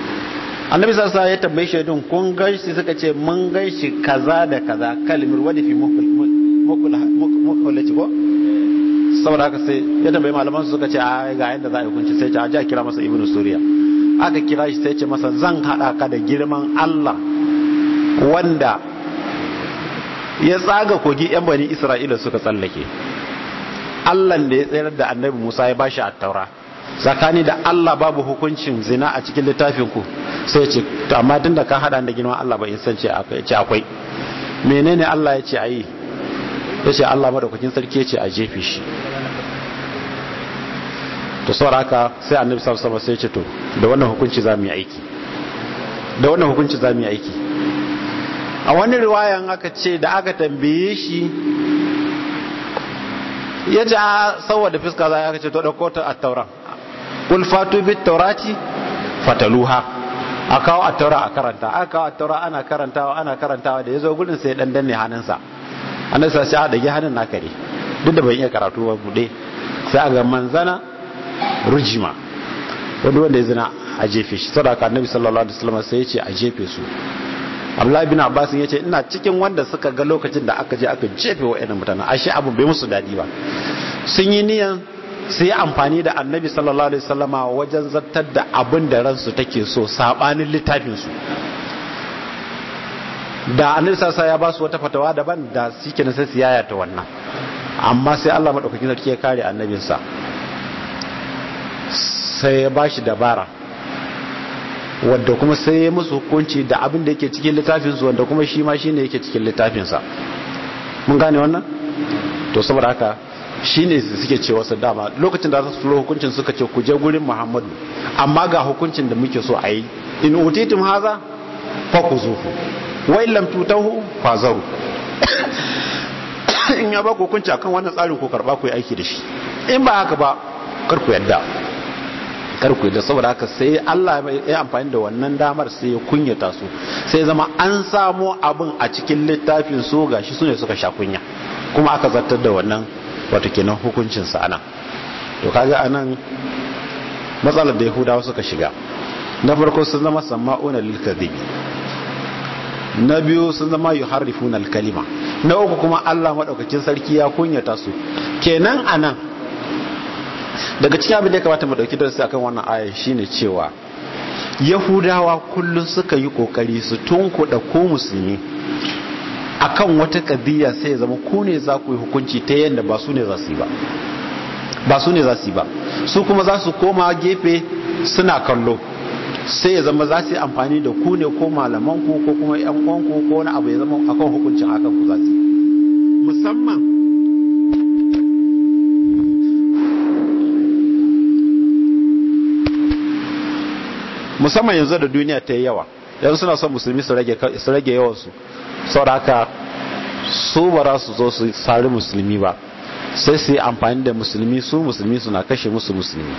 annabi sassa ya tambaye shaidun kun ganshi suka ce mun ganshi kaza da kaza kalmir wadi fi mukullaci ko saboda haka sai ya tambaye malaman su suka ce a ah, ga yanda za a hukunci sai ce a ah, ja kira masa ibnu suriya aka kira shi sai ce masa zan hada ka da girman Allah wanda ya tsaga kogi yan bani Isra'ila suka tsallake Allah da ya tsayar da annabi Musa ya bashi taura. tsakani da Allah babu hukuncin zina a cikin littafin ku sai ce to amma tun da ka hada da girman Allah ba in san ce akwai menene Allah ya ce ayi ya ce Allah madaukakin sarki ya ce a jefe shi to sauraka haka sai annabi sallallahu alaihi wasallam sai ce to da wannan hukunci za mu yi aiki da wannan hukunci za mu yi aiki a wani riwayan aka ce da aka tambaye shi ya ja saboda fiska za a ce to dauko ta at-taurat kul fatu bit taurati fataluha a kawo a taura a karanta a kawo a taura ana karantawa ana karantawa da ya zo gudun sai dan danne hannunsa annabi sai ya dage hannun na kare duk da ban iya karatu ba bude sai ga manzana rujima wanda wanda ya zina a jefe shi sadaka annabi sallallahu alaihi wasallam sai ya ce a jefe su Abdullahi bin Abbas ya ce ina cikin wanda suka ga lokacin da aka je aka jefe wa'annan mutanen ashe abu bai musu dadi ba sun yi niyan Sai ya amfani da annabi sallallahu alaihi Sallama wajen zartar da abin da ransu take so sabanin littafinsu da annabi sassa ya ba su wata fatawa daban da suke na sai yaya ta wannan amma sai Allah madaukakin sarki ya kare annabinsa sai ya ba shi dabara wadda kuma sai ya musu hukunci da abin da yake cikin littafinsu wanda kuma shi ma shine yake cikin littafinsa mun gane wannan to saboda haka shi ne suke ce wasu dama lokacin da za su hukuncin suka ce ku je gurin muhammadu amma ga hukuncin da muke so a yi in utitum haza fa zufu wa illam tutahu fa zaru in ya ba ku hukunci akan wannan tsarin ku karba ku yi aiki da shi in ba haka ba kar yadda kar yadda saboda haka sai Allah ya amfani da wannan damar sai ya kunyata su sai zama an samo abin a cikin littafin su gashi ne suka sha kunya kuma aka zartar da wannan wato kenan hukuncinsa anan to kaga anan matsalar da yahudawa suka shiga na farko sun zama sama'una lil na biyu sun zama yuharrifuna al kalima na uku kuma Allah madaukakin sarki ya kunyata su kenan anan daga cikin abin da ya kamata da dauki darasi akan wannan aya shine cewa yahudawa kullum suka yi kokari su tunkuɗa ko musulmi akan wata kadiyya sai ya zama ku ne za ku yi hukunci ta yadda ba su ne za su yi ba ba su ne ba su kuma za su koma gefe suna kallo sai ya zama za su yi amfani da ku ne ko malamanku ko kuma yan kwanku ko wani abu ya zama akan hukuncin hakan ku za su yi musamman musamman yanzu da duniya ta yi yawa yanzu suna son musulmi su rage yawansu saboda haka su ba za su zo su sari musulmi ba sai su yi amfani da musulmi su musulmi suna kashe musu musulmi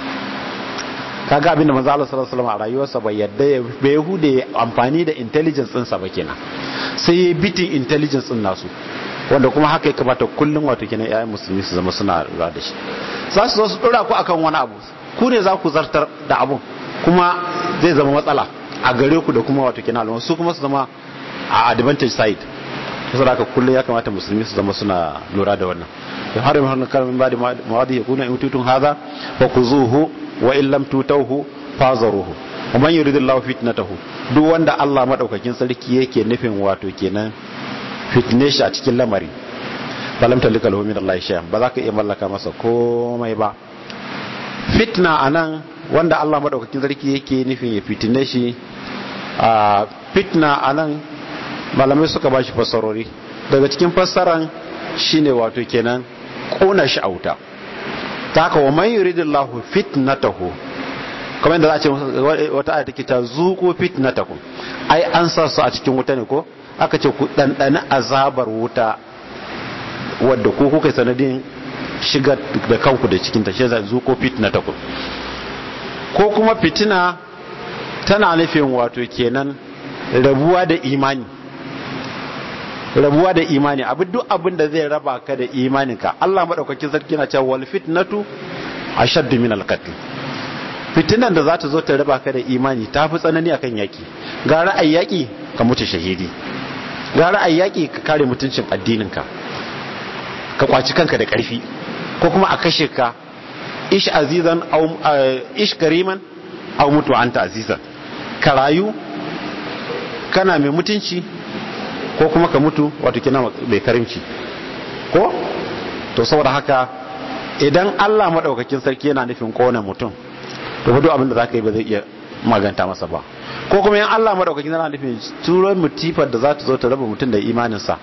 kaga abinda manzo Allah sallallahu alaihi wasallam a rayuwarsa bai yadda ya hude amfani da intelligence ɗinsa ba kenan sai ya bitin intelligence ɗin nasu wanda kuma haka ya kamata kullum wato kenan yayin musulmi su zama suna lura da shi za su zo su dora ku akan wani abu ku ne za ku zartar da abun kuma zai zama matsala a gare ku da kuma wato kenan su kuma su zama a advantage side saboda aka kullum ya kamata musulmi su zama suna lura da wannan don harin hannun kalmin ba da mawadi ya kuna in tutun haza ba ku zuhu wa in tutauhu fa zaruhu wa man yuridillahu fitnatahu duk wanda Allah maɗaukakin sarki yake nufin wato kenan fitne shi a cikin lamari balam talika lahu min Allah shay'an ba za ka iya mallaka masa komai ba fitna anan wanda Allah maɗaukakin sarki yake nufin ya fitne shi a fitna anan malamai suka ba shi fassarori daga cikin fassaran shine wato kenan kona shi a wuta ta haka wa man yuridillahu fitnatahu kamar yadda za a ce wata aya ke ta zuku fitnatakum ai an sa su a cikin wuta ne ko aka ce ku ɗanɗana azabar wuta wadda ku kuka sanadin shiga da kanku da cikin ta sheza zuko fitnatakum ko kuma fitina tana nufin wato kenan rabuwa da imani rabuwa da imani abin duk abin da zai raba ka da imaninka Allah madaukakin sarki na cewa wal fitnatu ashaddu min al qatl fitnan da za ta zo ta raba ka da imani ta fi tsanani akan yaki ga ra'ayi yaki ka mutu shahidi ga ra'ayi yaki ka kare mutuncin addininka ka kwaci kanka da karfi ko kuma a kashe ka ish azizan aw eh, ish kariman aw mutu anta azizan ka rayu kana mai mutunci ko kuma ka mutu wato kina mai karimci ko to saboda haka idan Allah madaukakin sarki yana nufin kona mutum to duk abin da zaka yi ba zai iya maganta masa ba ko kuma yan Allah madaukakin yana nufin turon mutifar da za ta zo ta raba mutum da imanin sa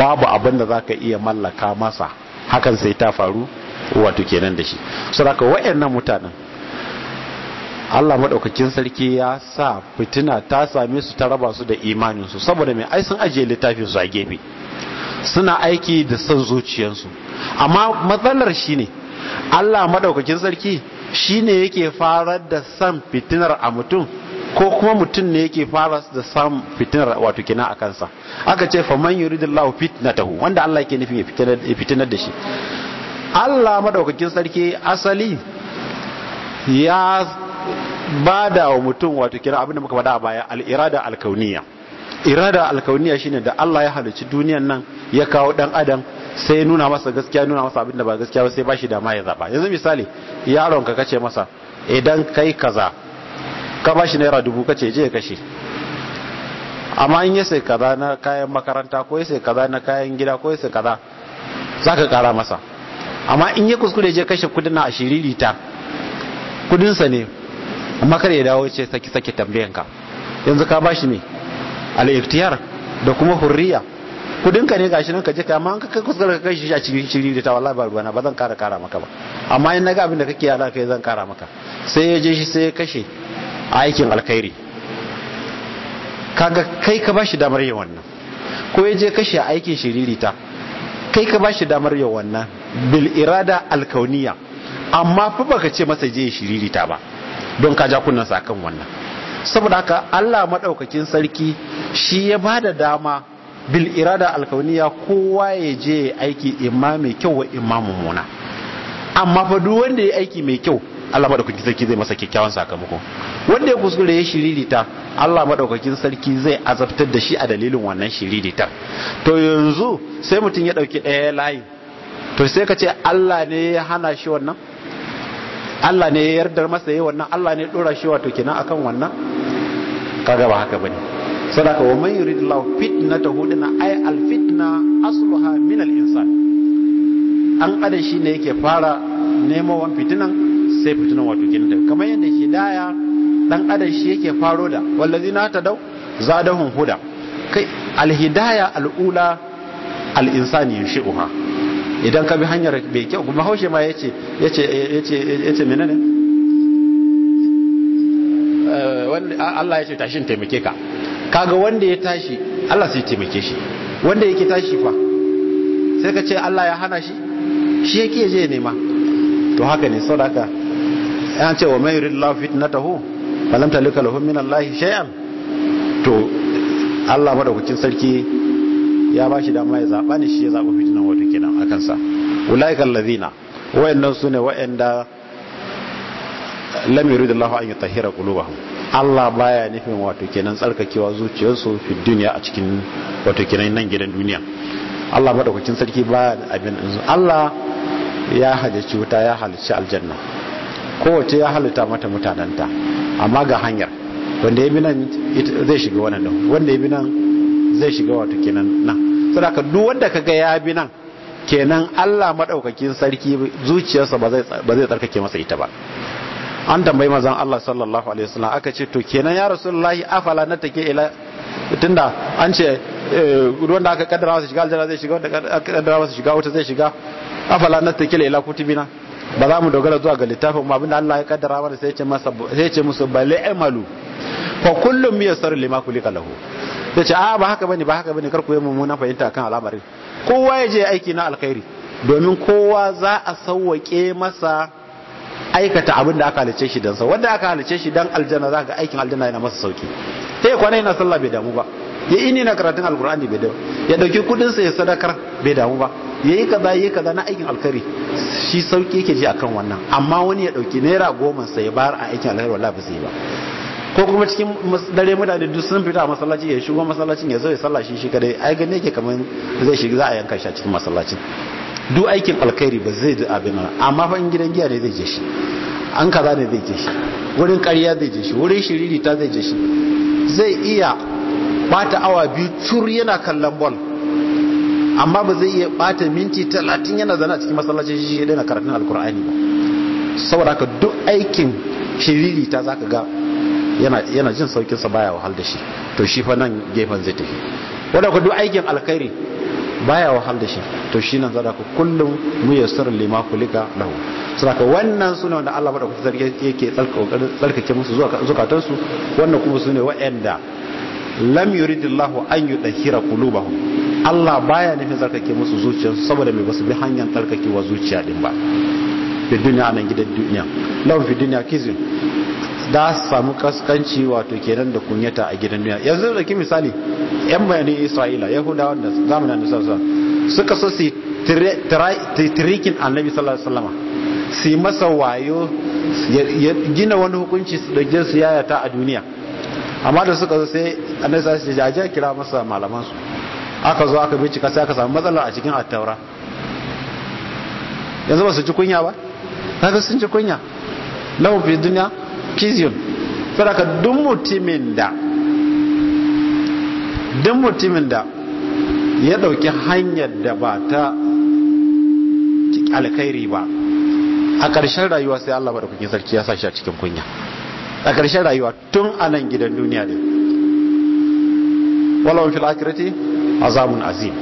babu abin da zaka iya mallaka masa hakan sai ta faru wato kenan da shi saboda haka wayannan mutanen Allah maɗaukakin sarki ya sa fitina ta same su ta raba su da imaninsu saboda mai ai sun ajiye littafinsu a gefe suna aiki da son zuciyarsu amma matsalar shine Allah maɗaukakin sarki shi ne yake farar da san fitinar a mutum ko kuma mutum ne yake fara da san fitinar wato kina a kansa aka ce fa man yuridillahu fitnatahu wanda Allah yake nufi fitinar da shi Allah maɗaukakin sarki asali ya bada wa mutum wato kira abinda muka bada a baya al-irada al-kauniyya irada al-kauniyya shine da Allah ya halicci duniyan nan ya kawo dan adam sai nuna masa gaskiya nuna masa abinda ba gaskiya ba sai bashi dama ya zaba yanzu misali yaron ka kace masa idan kai kaza ka bashi naira dubu kace je ka kashe amma in ya sai kaza na kayan makaranta ko ya sai kaza na kayan gida ko ya sai kaza zaka kara masa amma in ya kuskure je kashe kudin na ashiriri ta kudinsa ne amma kada ya dawo ce saki saki ka yanzu ka bashi ne al-iftiyar da kuma hurriya kudin ka ne gashi nan ka je ka amma an ka kuskura ka kai shi a cikin shiri da ta wallahi ba ruwana ba zan kara kara maka ba amma in naga abin da kake yana kai zan kara maka sai ya je shi sai ya kashe aikin alkhairi kaga kai ka bashi damar yin wannan ko ya je kashe aikin shiririta kai ka bashi damar yin wannan bil irada alkauniya amma fa baka ce masa je shiririta ba don ka ja kunnansa kan wannan saboda haka Allah maɗaukakin sarki shi ya ba da dama bil irada alkauniya kowa ya je aiki imma mai kyau wa imma mummuna amma fa duk wanda ya aiki mai kyau Allah maɗaukakin sarki zai masa kyakkyawan sakamako wanda ya kuskure ya shiririta Allah maɗaukakin sarki zai azabtar da shi a dalilin wannan shiriritar to yanzu sai mutum ya ɗauki ɗaya layi to sai ka ce Allah ne ya hana shi wannan Allah ne ya yardar masa yi wannan Allah ne ya dora shi wato a akan wannan kaga ba haka bane sadaka wa man yuridillahu fitna ta ay al fitna asluha min al insan an adam shi ne yake fara nemo wan fitinan sai fitinan wato kenan kamar yadda hidaya dan adam shi yake faro da wallazina tadaw zadahum huda kai al hidaya al ula al insani yunshi'uha idan ka bi hanyar bai kyau kuma haushe ma yace yace yace yace menene eh, Allah ya ce tashin taimake ka kaga wanda ya tashi Allah sai taimake shi wanda yake tashi fa sai ka ce Allah ya hana shi shi yake je nema to haka ne sadaka an ce wa mayurin lafit na taho falam talika lahum min Allah shay'an to Allah madaukakin sarki ya ba shi dama ya zaba ne shi ya zaba fitina kenan a kansa ulaika allazina wayannan sune wayanda lam Allahu an yutahhira qulubahum Allah baya nufin wato kenan tsarkakewa zuciyarsu fi duniya a cikin wato kenan nan gidan duniya Allah madaukakin sarki baya abin Allah ya halicci wuta ya halicci aljanna kowace ya halitta mata mutananta amma ga hanyar wanda ya bi nan zai shiga wannan wanda ya bi nan zai shiga wato kenan nan saboda duk wanda kaga ya bi nan kenan Allah madaukakin sarki zuciyarsa ba zai tsarkake masa ita ba an tambayi mazan Allah sallallahu alaihi wasallam aka ce to kenan ya rasulullahi afala na take ila tunda an ce eh, wanda aka kaddara masa shiga aljanna zai shiga wanda aka kaddara masa shiga wata zai shiga afala na take ila kutubina ba za mu dogara zuwa ga littafin mu abinda Allah ya kaddara mana sai ce masa sai ce musu bal amalu fa kullum yasaru lima kulika lahu sai ce a ba haka bane ba haka bane kar ku yi mummunan fahimta kan al'amarin kowa ya je aiki na alkhairi domin kowa za a sauwake masa aikata abin da aka halice shi don sa wanda aka halice shi don aljanna za ga aikin aljanna yana masa sauki ta yi kwana yana sallah bai damu ba ya ini na karatun alkur'ani bai damu ya dauki kudin sa ya sadakar bai damu ba ya yi kaza ya yi kaza na aikin alkhairi shi sauki yake ji akan wannan amma wani ya dauki naira goma sa ya bayar a aikin alkhairi wallahi ba ba ko kuma cikin dare mutane duk sun fita a masallaci ya shigo masallacin ya zo ya sallah shi shi kadai ai gane yake kamar zai shiga za a yanka shi a cikin masallacin duk aikin alkhairi ba zai da abin nan amma fa gidan giya ne zai je shi an kaza ne zai je shi wurin ƙarya zai je shi wurin shiriri ta zai je shi zai iya bata awa biyu tur yana kallon ball amma ba zai iya bata minti talatin yana zana cikin masallacin shi shi daina karatun alkur'ani ba saboda haka duk aikin shiriri ta zaka ga yana jin saukin sa baya wahal da shi to shi fa nan gefen zai tafi wanda ku duk aikin alkhairi baya wahal da shi to shi nan zaka kullum mu yassara lima kulika lahu saboda wannan ne wanda Allah madaukakin sarki yake tsarkake musu zukatan su wannan kuma sune wa'anda lam yuridillahu an yudahira qulubahum Allah baya nufin tsarkake musu zuciyarsu saboda mai basu bi hanyar tsarkakewa zuciya din ba fi duniya nan gidan duniya lahum fi duniya kizin da su samu kaskanci wato kenan da kunyata a gidan duniya yanzu da ki misali yan bayanin isra'ila yahudawa wanda zamanin da sassa suka so su tirikin annabi sallallahu alaihi wasallama su masa wayo ya gina wani hukunci su dauke su yayata a duniya amma da suka so sai annabi sallallahu alaihi wasallam ya kira masa malaman su aka zo aka bincika sai aka samu matsala a cikin attaura yanzu ba su ji kunya ba kaga sun ji kunya lahu fi duniya. kizyun fara ka mutumin da mutumin ya ɗauki hanyar da ba ta alkhairi ba a ƙarshen rayuwa sai Allah kukin sarki ya sa a cikin kunya a ƙarshen rayuwa tun a nan gidan duniya ne walawun fil akirati azamun azim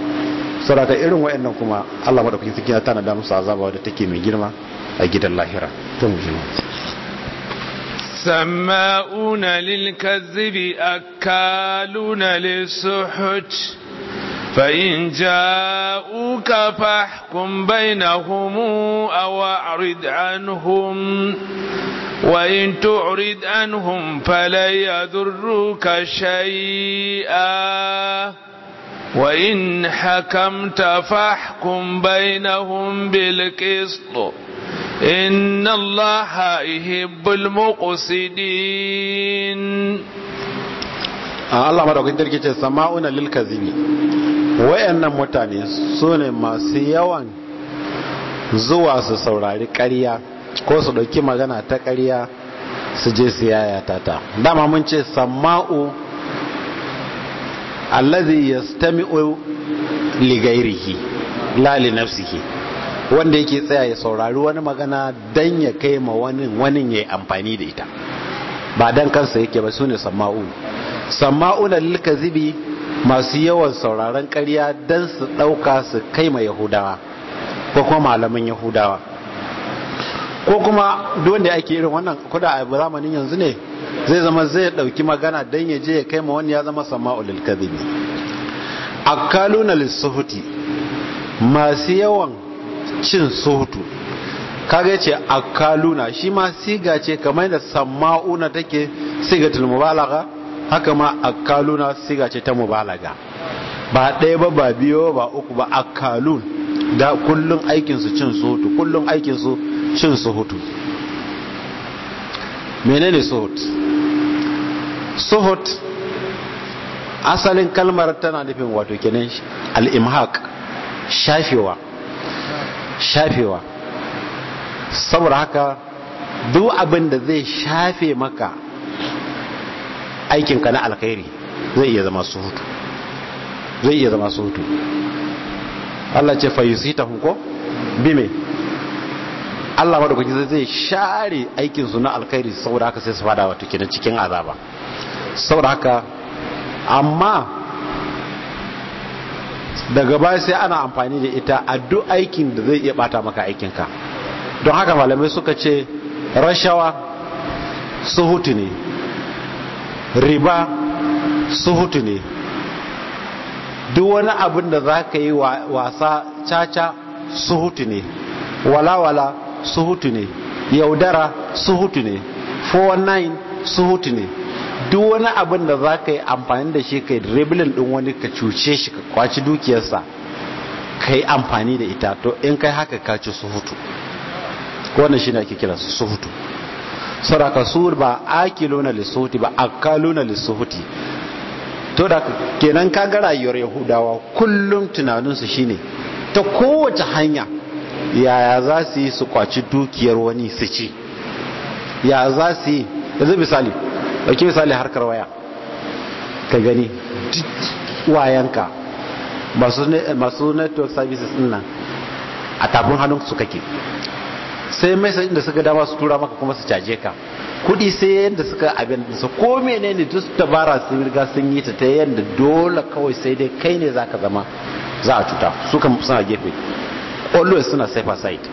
saboda irin wa'annan kuma Allah kukin sarki ya tana da musu azaba da take mai girma a gidan lahira tun muhimmanci سماؤون للكذب أكالون للسحج فإن جاءوك فاحكم بينهم أو أعرض عنهم وإن تعرض عنهم فلن يضروك شيئا وإن حكمت فاحكم بينهم بالقسط إن الله يحب المقصدين Allah madaukakin sarki ce sama'una lil wayannan mutane su ne masu yawan zuwa su saurari ƙarya ko su ɗauki magana ta ƙarya su je su yayata ta dama mun ce sama'u allazi yastami'u li ghairihi la li nafsihi wanda yake tsaya ya saurari wani magana dan ya kai ma wani wani ya amfani da ita ba dan kansa yake ba sune sama'u na lil zibi masu yawan sauraron karya dan su dauka su kai ma yahudawa ko kuma malaman yahudawa ko kuma da ake irin wannan kuda a zamanin yanzu ne zai zama zai dauki magana dan ya je ya kai ma wani ya zama sama'u lil kadhibi na lis masu yawan cin sotu kaga a akaluna shi ma siga ce kamar da samma'una take siga sigatul mubalaga haka ma akaluna siga ce ta mubalaga ba ɗaya ba ba biyo ba uku ba akalun da kullun aikinsu cin sotu kullun aikinsu cin sotu menene sohut sohut asalin kalmar tana nufin wato kenan al-imhaq shafewa shafewa saboda haka duk abin da zai shafe maka aikinka na alkhairi zai iya zama su hutu zai iya zama su hutu. Allah ce fayusita hunko bime Allah madaukaki zai share aikinsu na alkhairi saboda haka sai su fada wato cikin azaba saboda haka amma daga baya sai ana amfani da ita a duk aikin da zai iya bata maka aikinka don haka malamai suka ce rashawa suhutu ne riba suhutu ne duk wani abin da za ka yi wasa caca suhutu ne walawala suhutu ne yaudara suhutu ne 419 suhutu ne duk wani abin da za ka yi amfani da shi ka yi dribbling wani ka cuce shi ka kwaci dukiyarsa ka yi amfani da ita to in kai haka ka ci su hutu wannan shi ne ake kira su hutu saraka su ba lissu lissuhuti ba lissu lissuhuti to da kenan ka ga rayuwar yahudawa kullum tunaninsu shi ne ta kowace hanya yaya za su yi su kwaci dukiyar wani su ci ya za su yi yanzu misali ɗauki misali harkar waya ka gani wayanka masu network services din nan a tafin hannun su kake sai mai sai inda suka dama su tura maka kuma su caje ka kudi sai yadda suka abin su ko ne duk dabara su riga sun yi ta ta yadda dole kawai sai dai kai ne za ka zama za a cuta su kan suna gefe always suna safe site.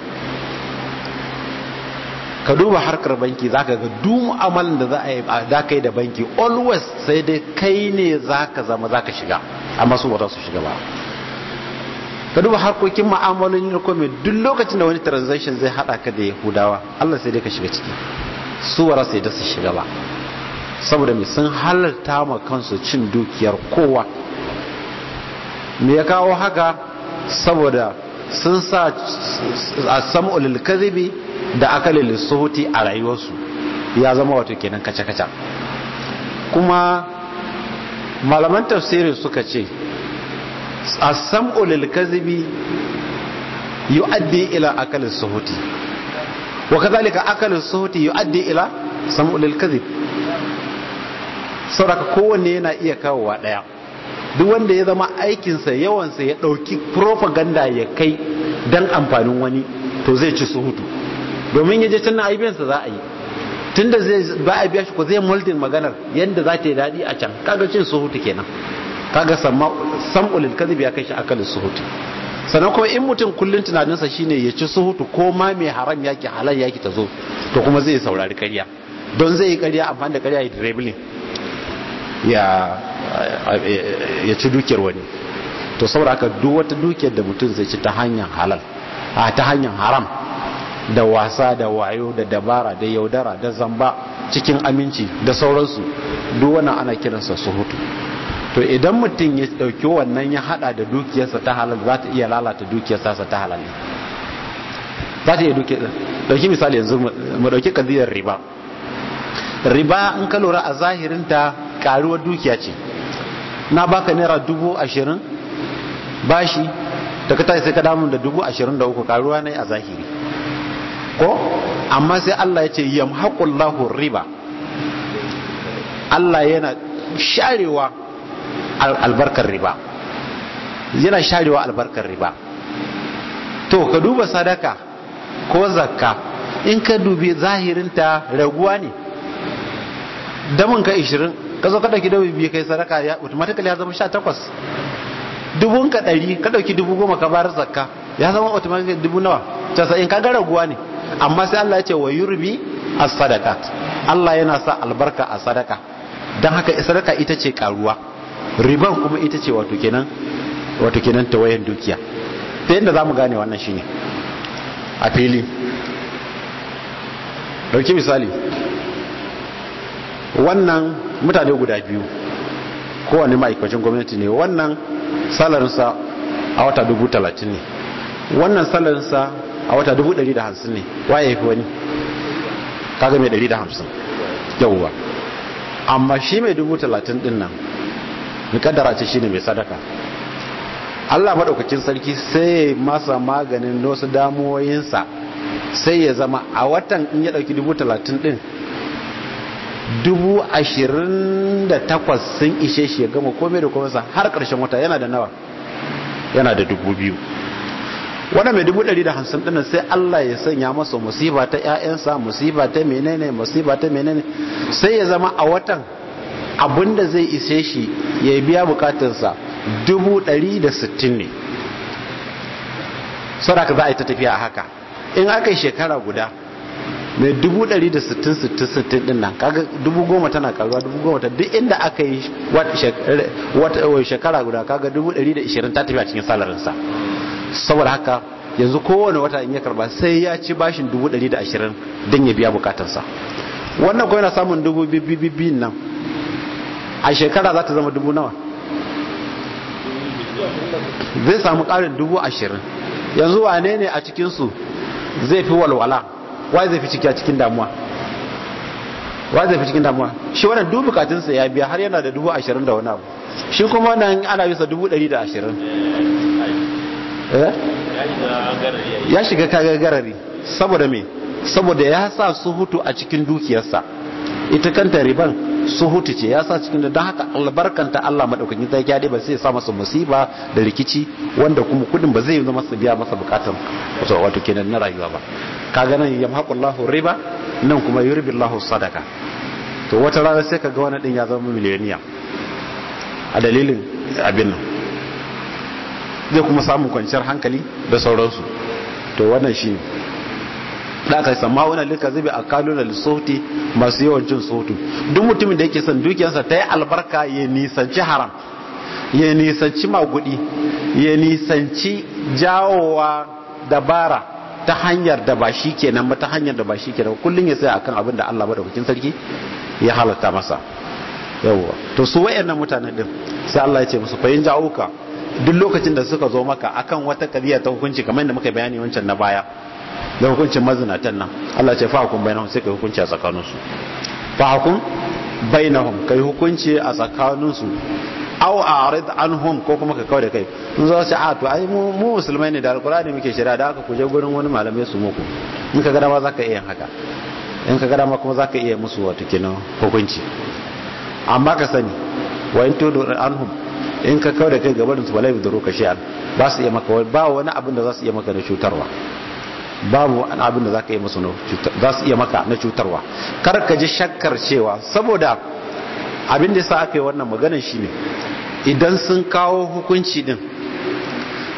ka duba harkar banki zaka ga duk amalin da za a yi da kai da banki always sai dai kai ne za ka zama za ka shiga amma su wata su shiga ba ka duba harkokin ma'amalin yau kome duk lokacin da wani transaction zai hada ka da yahudawa Allah sai dai ka shiga ciki su ba sai da su shiga ba saboda mai sun halarta ma kansu cin dukiyar kowa me ya kawo haka saboda sun sa a samu ulul da akalin lissuhuti a rayuwarsu ya zama wato kenan kaca-kaca kuma malaman tafsiri suka ce a kazibi yi yu'addi ila akalin suhuti wa kazalika akalin yi yu'addi ila sam'u kazibi sauraka kowanne yana iya kawowa daya duk wanda ya zama aikinsa yawansa ya ɗauki propaganda ya kai don amfanin wani to zai ci suhutu domin ya je can na sa za a yi tunda zai ba a biya shi ko zai moldin maganar yadda za ta yi daɗi a can kaga cin suhutu kenan kaga sam'ulil kadhib ya kai shi akal suhutu sannan kuma in mutum tunanin sa shine ya ci suhutu ko ma mai haram yake halal yaki ta zo to kuma zai saurari karya don zai yi karya amfani da karya ya direbling ya ci dukiyar wani to saboda haka duk wata dukiyar da mutum zai ci ta hanyar halal a ta hanyar haram da wasa da wayo da dabara da yaudara da zamba cikin aminci da sauransu duk ana kiransa su hutu to idan mutum ya dauki wannan ya hada da dukiyarsa ta halal za ta iya lalata dukiyarsa ta halal za ta iya dukiyarsa dauki misali yanzu mu dauki kadiyar riba riba in ka lura a zahirinta karuwar dukiya ce na baka naira dubu ashirin bashi da ka sai ka damu da dubu ashirin da uku karuwa ne a zahiri ko amma sai Allah ya ce yamhaqullahu riba Allah yana sharewa albarkar riba yana sharewa albarkar riba to ka duba sadaka ko zakka in ka dubi zahirinta raguwa ne damin ka 20 ka zo ka dauki dabi biyu kai sadaka ya automatically ya zama 18 dubun ka 100 ka dauki dubu goma ka bar zakka ya zama automatically dubu nawa in ka ga raguwa ne amma sai Allah ya ce wa yurbi as-sadaqat Allah yana sa albarka a sadaka dan haka sadaka ita ce karuwa riban kuma ita ce wato kenan wato kenan tawayen dukiya sai yadda zamu gane wannan shine a fili dauki misali wannan mutane guda biyu kowane ma'aikacin gwamnati ne wannan salarinsa a wata dubu talatin ne wannan salarinsa a wata 150 ne waye yafi wani kaga mai 150 yawwa amma shi mai 30 din nan kaddara ce shine mai sadaka Allah madaukakin sarki sai masa maganin wasu damuwoyinsa sai ya zama a watan in ya dauki 30 din dubu ashirin da takwas sun ishe shi ya gama komai da komai har ƙarshen wata yana da nawa yana da dubu biyu wannan mai dubu ɗari da hamsin ɗin sai Allah ya sanya masa musiba ta 'ya'yansa musiba ta menene musiba ta menene sai ya zama a watan abinda da zai ise shi ya biya bukatunsa dubu ɗari da sittin ne saraka za a yi ta tafiya haka in aka yi shekara guda mai dubu ɗari da sittin sittin sittin ɗin nan kaga dubu goma tana karuwa dubu goma ta duk inda aka yi shekara guda kaga dubu ɗari da ishirin ta tafiya cikin salarinsa saboda haka yanzu kowane wata in ya karba sai ya ci bashin dubu da ashirin don ya biya bukatarsa wannan ko yana samun dubu nan a shekara za ta zama dubu nawa zai samu ƙarin dubu ashirin yanzu wane ne a cikinsu zai fi walwala wai zai fi ciki a cikin damuwa wai zai fi cikin damuwa shi wannan dubu bukatunsa ya biya har yana da dubu ashirin da wani abu shi kuma wannan ana bisa dubu ɗari da ashirin Eh? ya shiga kagarari saboda me saboda ya sa su hutu a cikin dukiyarsa ita kanta riban su hutu ce ya sa cikin da don haka albarkanta Allah maɗaukakin ta gyaɗe ba sai sa masa musiba da rikici wanda kuma kudin ba zai zama su biya masa bukatan wato kenan na rayuwa ba kaga nan yamhaqullahu riba nan kuma lahu sadaka to wata rana sai ka ga wani ɗin ya zama miliyoniya a dalilin abin nan zai kuma samun kwanciyar hankali da sauransu to wannan shi da aka yi sama wani lika zai bi a kalunan lissauti masu yawan jin sautu duk mutumin da yake son dukiyarsa ta yi albarka ya nisanci haram ya nisanci magudi ya nisanci jawowa dabara ta hanyar da ba shi kenan ba ta hanyar da ba shi kenan kullum ya tsaya akan abin da Allah madaukakin sarki ya halatta masa yawwa to su wayannan mutanen din sai Allah ya ce musu fa in ja'uka duk lokacin da suka zo maka akan wata kabiya ta hukunci kamar inda muka bayani wancan na baya da hukuncin mazinatan nan Allah ce fahakun bainahum sai kai hukunci a tsakaninsu fahakun bainahum kai hukunci a tsakaninsu aw a'rid anhum ko kuma ka kawai da kai mun zo sai a to ai mu musulmai ne da alqur'ani muke shirya da aka kuje gurin wani malamai su muku in ka gada ma zaka iya haka in ka gada ma kuma zaka iya musu wato kenan hukunci amma ka sani wa in tudu anhum in ka kawo da kai gabarin su balai da roka shi'an ba su iya maka ba wani abin da za su iya maka na cutarwa babu wani abin da za ka yi masu za su iya maka na cutarwa kar ka ji shakkar cewa saboda abin da sa aka yi wannan maganar ne idan sun kawo hukunci din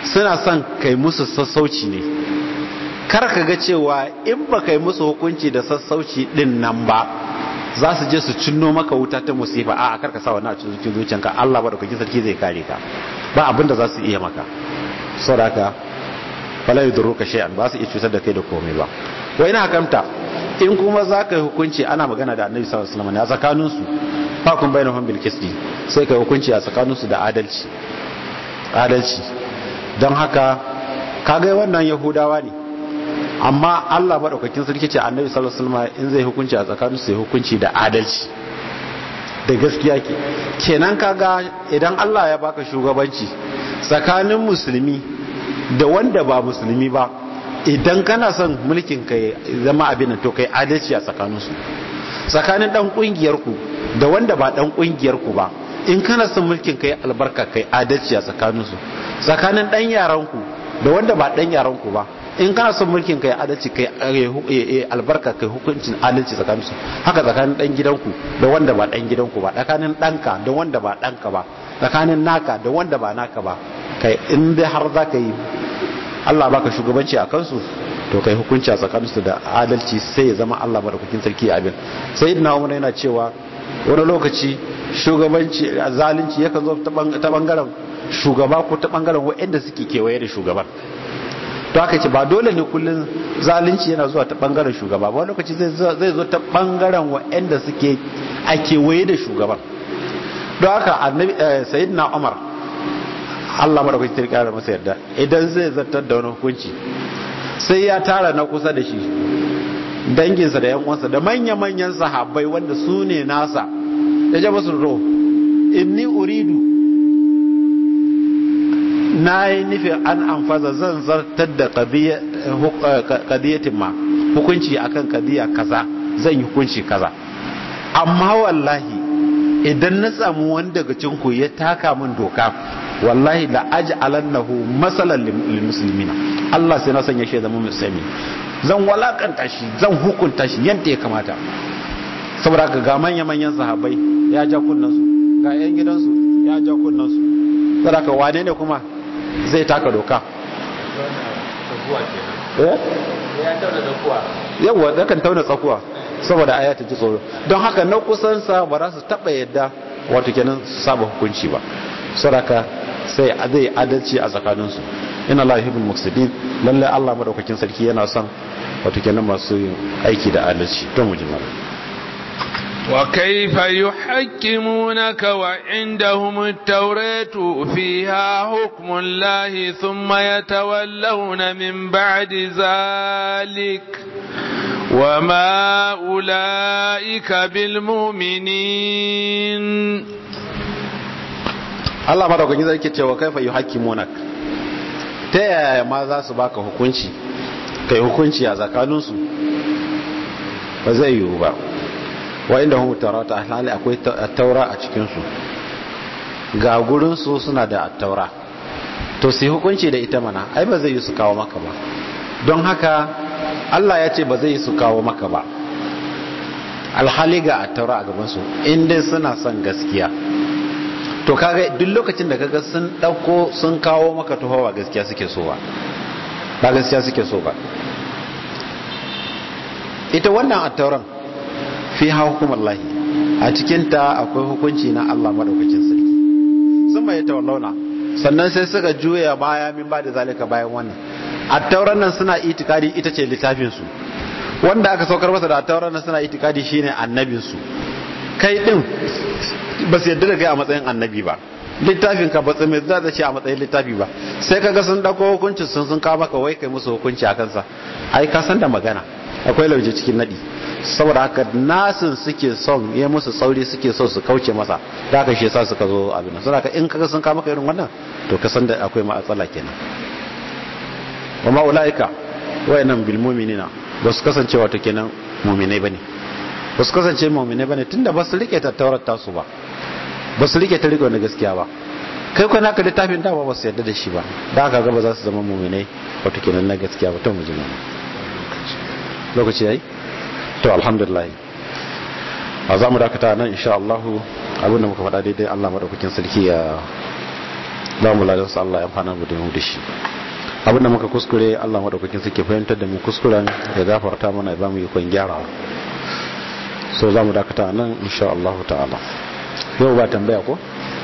suna son kai musu sassauci ne kar ka ga cewa in ba kai musu hukunci da sassauci din nan ba za su je su cinno maka wuta ta musifa a a karka sa na a cikin zuciyanka Allah ba da kuke sarki zai kare ka ba abin da za su iya maka saboda fala ka shay'an ba su iya cutar da kai da komai ba wa ina kamta in kuma za ka yi hukunci ana magana da annabi sallallahu alaihi wasallam a tsakaninsu fakun hum bil kisbi sai ka hukunci a tsakaninsu da adalci adalci don haka kaga wannan yahudawa ne amma Allah madaukakin sarki ce annabi sallallahu alaihi wasallam in zai hukunci a tsakanin su hukunci da adalci da gaskiya ke kenan kaga idan Allah ya baka shugabanci tsakanin musulmi da wanda ba musulmi ba idan kana son mulkin ka zama abin to kai adalci a tsakanin su tsakanin dan kungiyar ku da wanda ba dan kungiyar ku ba in kana son mulkin kai albarka kai adalci a tsakanin su tsakanin dan yaran ku da wanda ba dan yaran ku ba in kana son mulkin kai adalci kai eh, eh, albarka kai hukuncin adalci tsakanin haka tsakanin dan gidanku da wanda ba dan gidanku ba tsakanin danka da wanda ba danka ba tsakanin naka da wanda ba naka ba kai in dai har za ka yi Allah baka shugabanci a kansu to kai hukunci a tsakanin su da adalci sai ya zama Allah ba da kukin sarki abin sayyidina wani yana cewa wani lokaci shugabanci zalunci yakan zo ta bangaren shugaba ko ta bangaren waɗanda suke kewaye da shugaban to aka ce ba dole ne kullum zalunci yana zuwa ta bangaren shugaba ba lokaci zai zo ta bangaren waɗanda suke a kewaye da shugaban don haka annabi eh, na umar Allah madaukaki ta kara masa yarda idan zai zartar da wani hukunci sai ya tara na kusa da shi danginsa da yan uwansa da manya-manyan sahabbai wanda su ne nasa ya ce musu ro inni uridu na yi nufi an amfaza zan zartar da kadiyatin eh, ma hukunci akan kadiya kaza zan yi hukunci kaza amma wallahi idan na samu wani daga cinku ya taka min doka wallahi la aj'alannahu masalan lil muslimina Allah sai na sanya shi zama musulmi zan walakanta shi zan hukunta shi yadda ya kamata saboda ga manya manyan sahabbai ya ja kunnan su ga yan gidansu ya ja kunnan su saboda wane ne kuma zai taka doka eh? yawon da kan tauna tsakuwa saboda aya ta ji tsoro don haka na kusansa ba za su taɓa yadda wato kenan su saba hukunci ba saraka sai zai adalci a tsakaninsu ina lahibin muksidin lallai allah maɗaukakin sarki yana son wato kenan masu aiki da adalci don mujimara وكيف يحكمونك وعندهم التوراة فيها حكم الله ثم يتولون من بعد ذلك وما أولئك بالمؤمنين Allah madaukakin zai cewa kaifa yi haƙƙi monak ta yaya ma za su baka hukunci kai hukunci a tsakaninsu ba zai yiwu ba wa inda tarata tawrata alhali akwai taura a cikin su ga gurin suna da taura to su hukunci da ita mana ai ba zai yi su kawo maka ba don haka Allah ya ce ba zai yi su kawo maka ba alhali ga taura a gabansu inda suna son gaskiya to kaga duk lokacin da kaga sun dauko sun kawo maka tuho ba gaskiya suke so ba ba gaskiya suke so ba ita wannan attauran fi lahi a cikin ta akwai hukunci na Allah madaukakin sarki sun ta launa sannan sai suka juya baya min ba da zalika bayan wannan tauran nan suna itikadi ita ce littafin su wanda aka saukar masa da tauran nan suna itikadi shine annabin su kai din ba su yadda da kai a matsayin annabi ba littafin ka ba su mai za ce a matsayin littafi ba sai kaga sun dauko hukuncin sun sun kawo maka wai kai musu hukunci a kansa ai ka san da magana akwai lauje cikin nadi saboda haka nasin suke son ya musu sauri suke so su kauce masa da aka shi yasa suka zo abin suna ka in kaga sun kama ka irin wannan to ka san da akwai matsala kenan wa ma'ulaika wa wayannan bil mu'minina ba su kasance wato kenan mu'minai bane ba su kasance mu'minai bane tunda ba su rike tattaurar tasu ba ba su rike ta rike wani gaskiya ba kai kwa naka littafin dawa ba su yadda da shi ba da aka gaba za su zama mu'minai wato kenan na gaskiya ba ta mujina lokaci yayi to alhamdulillah a za mu dakata nan insha Allah abin da muka faɗa daidai Allah madaukakin sarki ya za mu ladan su Allah ya fana mu da mu da shi abin da muka kuskure Allah madaukakin sarki fahimtar da mu kuskuren ya gafarta mana ya ba mu ikon gyara so za mu dakata nan insha Allah ta'ala yau ba tambaya ko